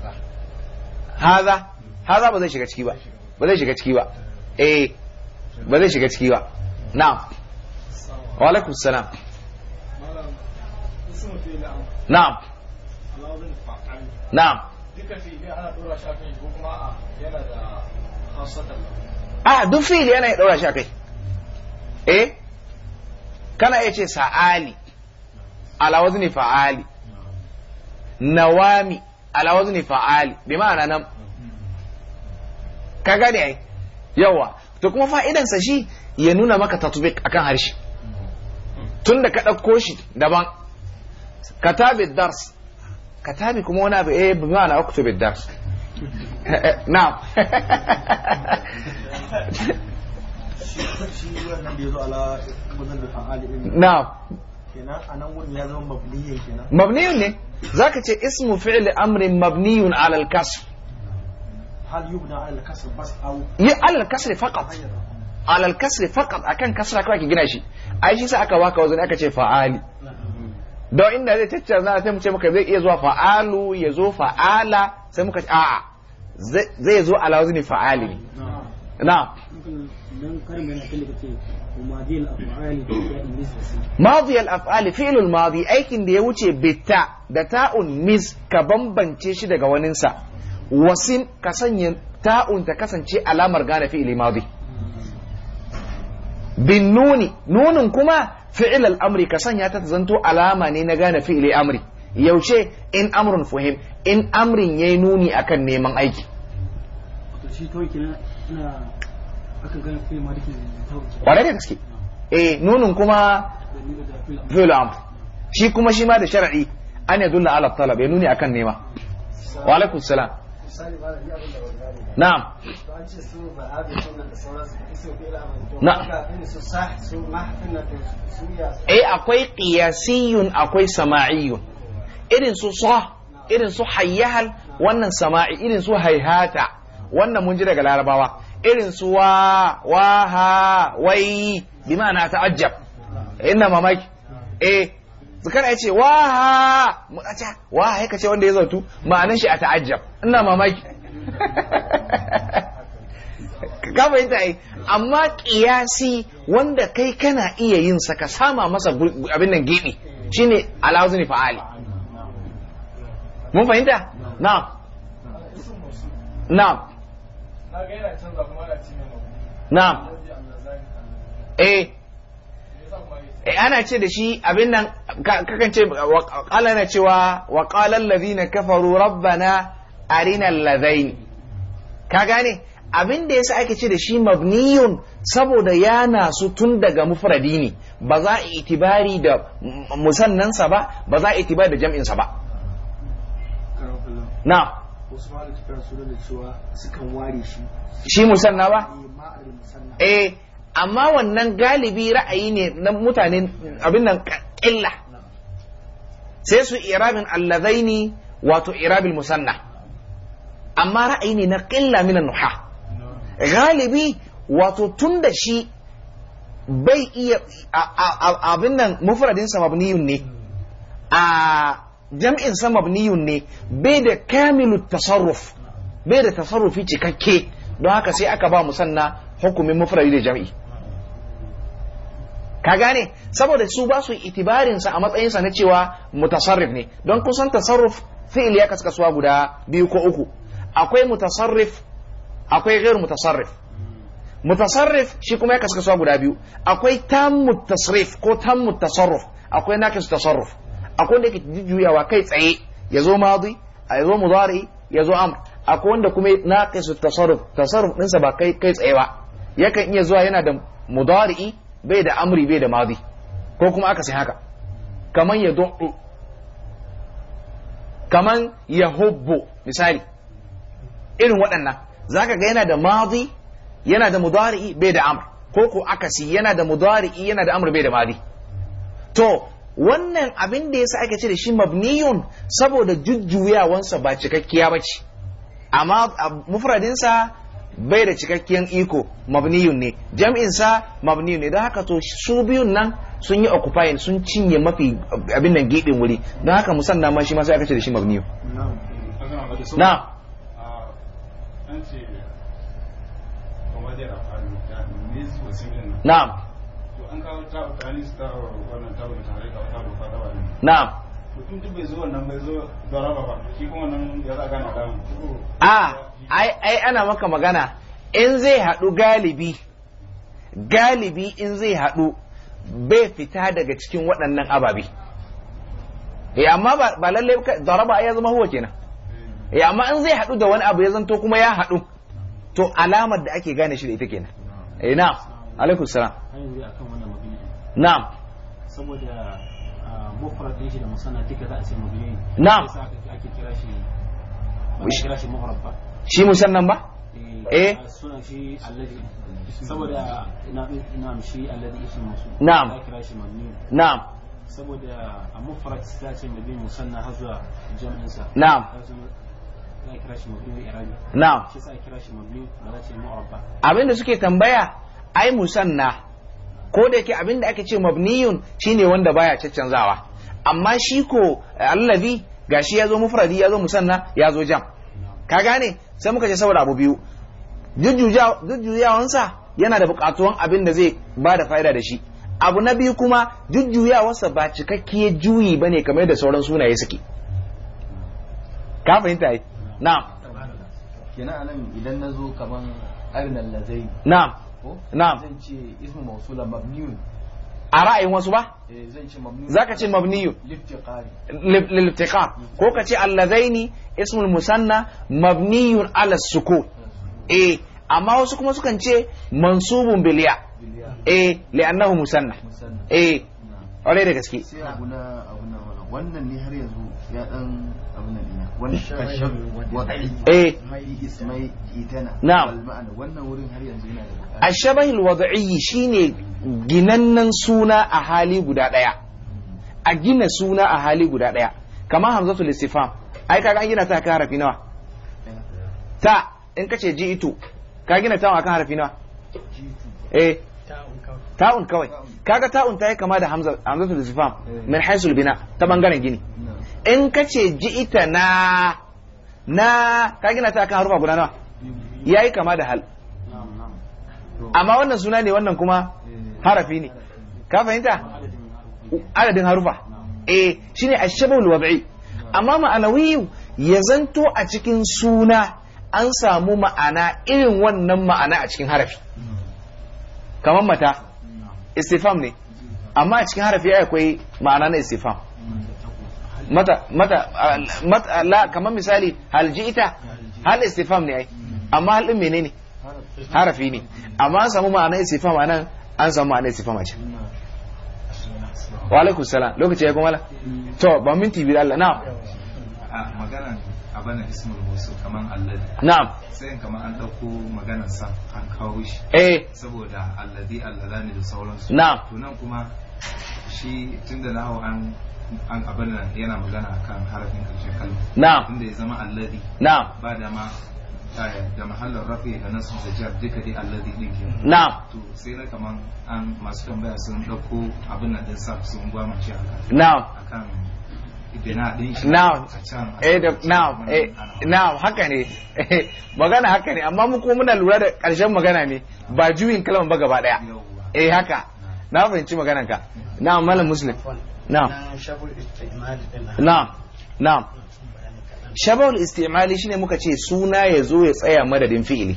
ba haza ba zai shiga ciki ba ba zai shiga ciki ba eh ba zai shiga ciki ba na'am wa alaikum na'am na'am a duk fili yana ɗaura shi a eh? kana iya ce sa'ali ala wazni fa'ali nawami ala wazni fa'ali bi ma'ana ka gane yawa to kuma fa'idansa shi ya nuna maka tatubik akan harshe Tunda ka ɗauko shi daban ka dars ka tabi kuma wani abu eh bima na uktubid dars na'am na'am mabniyun ne zaka ce ismu fi'l amrin mabniyun ala al-kasr hal yubna ala al-kasr bas aw ya ala al-kasr faqat ala al-kasr faqat akan kasra kawai ki gina shi ai shi sai aka waka wazan aka ce fa'ali don inda zai na sai mu ce maka zai iya zuwa fa'alu ya zo fa'ala sai muka a'a zai zo ala ne fa'ali ne na ماضي الافعال فعل الماضي aikin da ya wuce bitta da ta'un mis ka bambance shi daga waninsa wasin ka sanya ta'un ta kasance alamar gane fi'ili madi hmm. bin nuni nunin kuma fi'il al'amri ka sanya ta zanto alama ne na gane fi'il amri yaushe in amrun fuhim in amrin yayi nuni akan neman aiki kwarai da gaske eh nunin kuma fi'il amr shi kuma shi ma da shar'i an yadulla ala talab ya nuni akan nema wa alaikum salam na'am eh akwai qiyasiyun akwai sama'iyun irin su sah irin su hayyahal wannan sama'i irin su haihata wannan mun ji daga larabawa irin su wa wa ha wai bi ma'ana ta'ajjab inna mamaki eh zakar ya ce waha wa waha ya kace wanda ya zautu ma'anin shi a ta'ajjab ina mamaki ka fahimta ai amma kiyasi wanda kai kana iya yin sa ka sama masa abin nan gibi shine ne fa'ali mun fahimta Na? Na? Na? eh Eh, ana ce da shi abin nan kakan ce qala na cewa wa qala na kafaru rabbana arina allazain ka gane abin da yasa ake ce da shi mabniyun saboda ya nasu tun daga mufradi ne ba za a itibari da musannansa ba ba za a itibari da jam'insa ba na da cewa sukan ware shi musanna ba eh amma wannan galibi ra'ayi ne na mutane abin nan ƙilla sai su irabin allazaini wato irabil musanna amma ra'ayi ne na ƙilla minan nuha galibi wato tun da shi bai iya abin nan mufradin samabniyun ne a jam'in samabniyun ne bai da kamilu tasarruf bai da tasarrufi cikakke don haka sai aka ba musanna hukumin mufradi da jam'i ka gane saboda su ba su itibarin sa a matsayin sa na cewa mutasarrif ne don kusan tasarruf fi'il ya kaskasuwa guda biyu ko uku akwai mutasarrif akwai ghair mutasarrif mutasarrif shi kuma ya kaskasuwa guda biyu akwai tam mutasarrif ko tam mutasarruf akwai nakis tasarruf akwai wanda yake juyawa kai tsaye ya zo madi ya zo mudari ya zo amr akwai wanda kuma naqis tasarruf tasarruf ɗinsa ba kai kai tsaye ba yakan iya zuwa yana da mudari'i bai da amri bai da madi ko kuma aka sai haka kaman ya du'u kaman ya hubbu misali irin waɗannan zaka ga yana da madi yana da mudari'i bai da amri ko ko akasi yana da mudari'i yana da amri bai da madi to wannan abin da yasa aka ce da shi mabniyun saboda jujjuyawansa ba cikakkiya ba ce amma mufradinsa bai da cikakken iko mabniyun ne jam'in sa mabniyun ne don haka to su biyun nan sun yi occupying sun cinye mafi abin nan gidin wuri don haka musanna ma shi ma sai aka ce da shi mabniyun na Na. Na. mutum duk bai zo wannan bai zo ba shi kuma nan ya za a damu a ai ana maka magana in zai haɗu galibi galibi in zai haɗu bai fita daga cikin waɗannan ababi. ya eh, amma ba lallai daraba ya zama huwa kenan ya eh, amma in zai haɗu da wani abu ya zanto kuma ya haɗu to alamar da ake gane shi da ita kenan eh na alaikum salam Na. saboda ah, mufrad din shi da musanna duka za a ce mabni ake kira shi ba kira shi mufrad ba shi musannan ba eh, eh. saboda na'am shi na'am na'am saboda a ce musanna har zuwa na'am abinda suke tambaya ai musanna ko da yake abinda ake ce mabniyun shine wanda baya caccanzawa amma shi ko ga gashi ya zo mufradi ya zo musanna ya zo jam' ka gane sai muka ce saboda abu biyu jujjuyawansa yana da buƙatuwan abin da zai ba da fa'ida da shi abu na biyu kuma jujjuyawarsa ba cikakke juyi ba ne kamar da sauran sunaye suke ka fahimta yi na kenan anan idan na zo kamar arinan lazai na na zan ce ismu mausulan mabniyun a ra'ayin wasu ba eh, za ka ce mabniyu liltiqa ko ka ce allazaini ismul musanna mabniyun ala suko hmm. eh amma wasu kuma sukan ce mansubun biliya eh li'annahu musanna eh ƙwarai da gaske wannan ne har yanzu ya dan abin shine ginannan suna a hali guda daya a gina suna a hali guda daya kama hamzatul istifham ai kaga an gina ta kan harafi nawa eh. ta in kace ji'tu ka gina ta kan harafi nawa eh ta'un kawai kaga ta'un ta yi kama da hamzatul istifham eh. min haisul bina ta bangaren gini in ka ce ita na na ka gina ta kan harufa guda nawa Ya yi kama da hal amma wannan suna ne wannan kuma harafi ne ka fahimta adadin harufa eh a ashabul wad'i amma ma'anawiyu ya zanto a cikin suna an samu ma'ana irin wannan ma'ana a cikin harafi kamar mata istifam ne amma a cikin harafi akwai ma'ana na istifam mata mata mata la kamar misali hal ji'ita hal istifham ne ai amma hal din menene harafi ne amma an samu ma'ana istifham anan an samu ma'ana istifham a can wa alaikum salam lokaci ya kuma to ba minti bi Allah na'am magana abana ismul musul kaman alladhi na'am sai kaman an dauko maganar sa an kawo shi eh saboda alladhi alladani da sauransu na'am to nan kuma shi tunda nawo an an abin yana magana akan harafin karshe kalma na'am inda ya zama alladhi na'am ba da ma eh, da mahallar rafi da nasu da jar duka dai alladhi din ke na'am to sai na kaman an masu tambaya sun dauko abin nan din sab sun gwamace akan na'am akan eh, eh, Na'am, haka ne, magana haka ne, amma muku muna lura da ƙarshen magana ne ba juyin kalmar ba gaba ɗaya. Eh haka, na fahimci maganan ka. Na'am, Malam Muslim. na'am na'am na'am shabahul istimali shine muka ce suna ya zo ya tsaya madadin fi'ili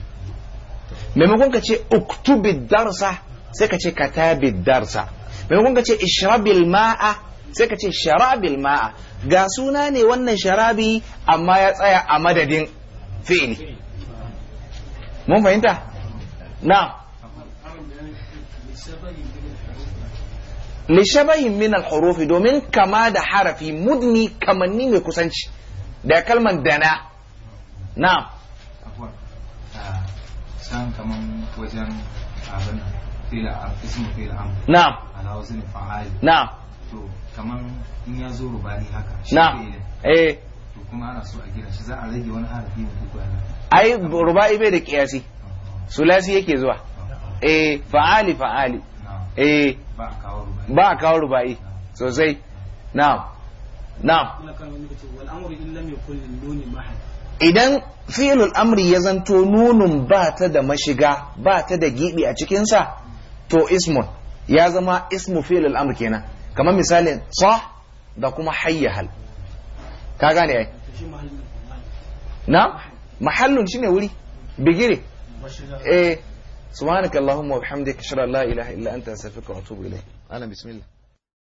maimakon ka ce uktubi darsa sai ka ce katabi darsa maimakon ka ce ishrabil ma'a sai ka ce sharabil ma'a ga suna ne wannan sharabi amma ya tsaya a madadin fi'ili mun fahimta na lishabahin min al domin kama da harafi mudni kamanni mai kusanci da kalman dana na san kaman wajen abin ismu am na ala na to kaman in ya zo rubani haka na eh to kuma ana so a gina shi za a rage wani harafi ai rubai bai da kiyasi sulasi yake zuwa eh fa'ali fa'ali eh ba a kawo ruba'i sosai na'am na'am idan fi'ilul amri ya zanto nunun ba ta da mashiga ba ta da gibi a cikinsa to ismun ya zama ismu filin amri kenan kamar misalin sa da kuma hayyahal ka gane ai na mahallun shine wuri bigire eh سبحانك اللهم وبحمدك اشهد ان لا اله الا انت استغفرك واتوب اليك اهلا بسم الله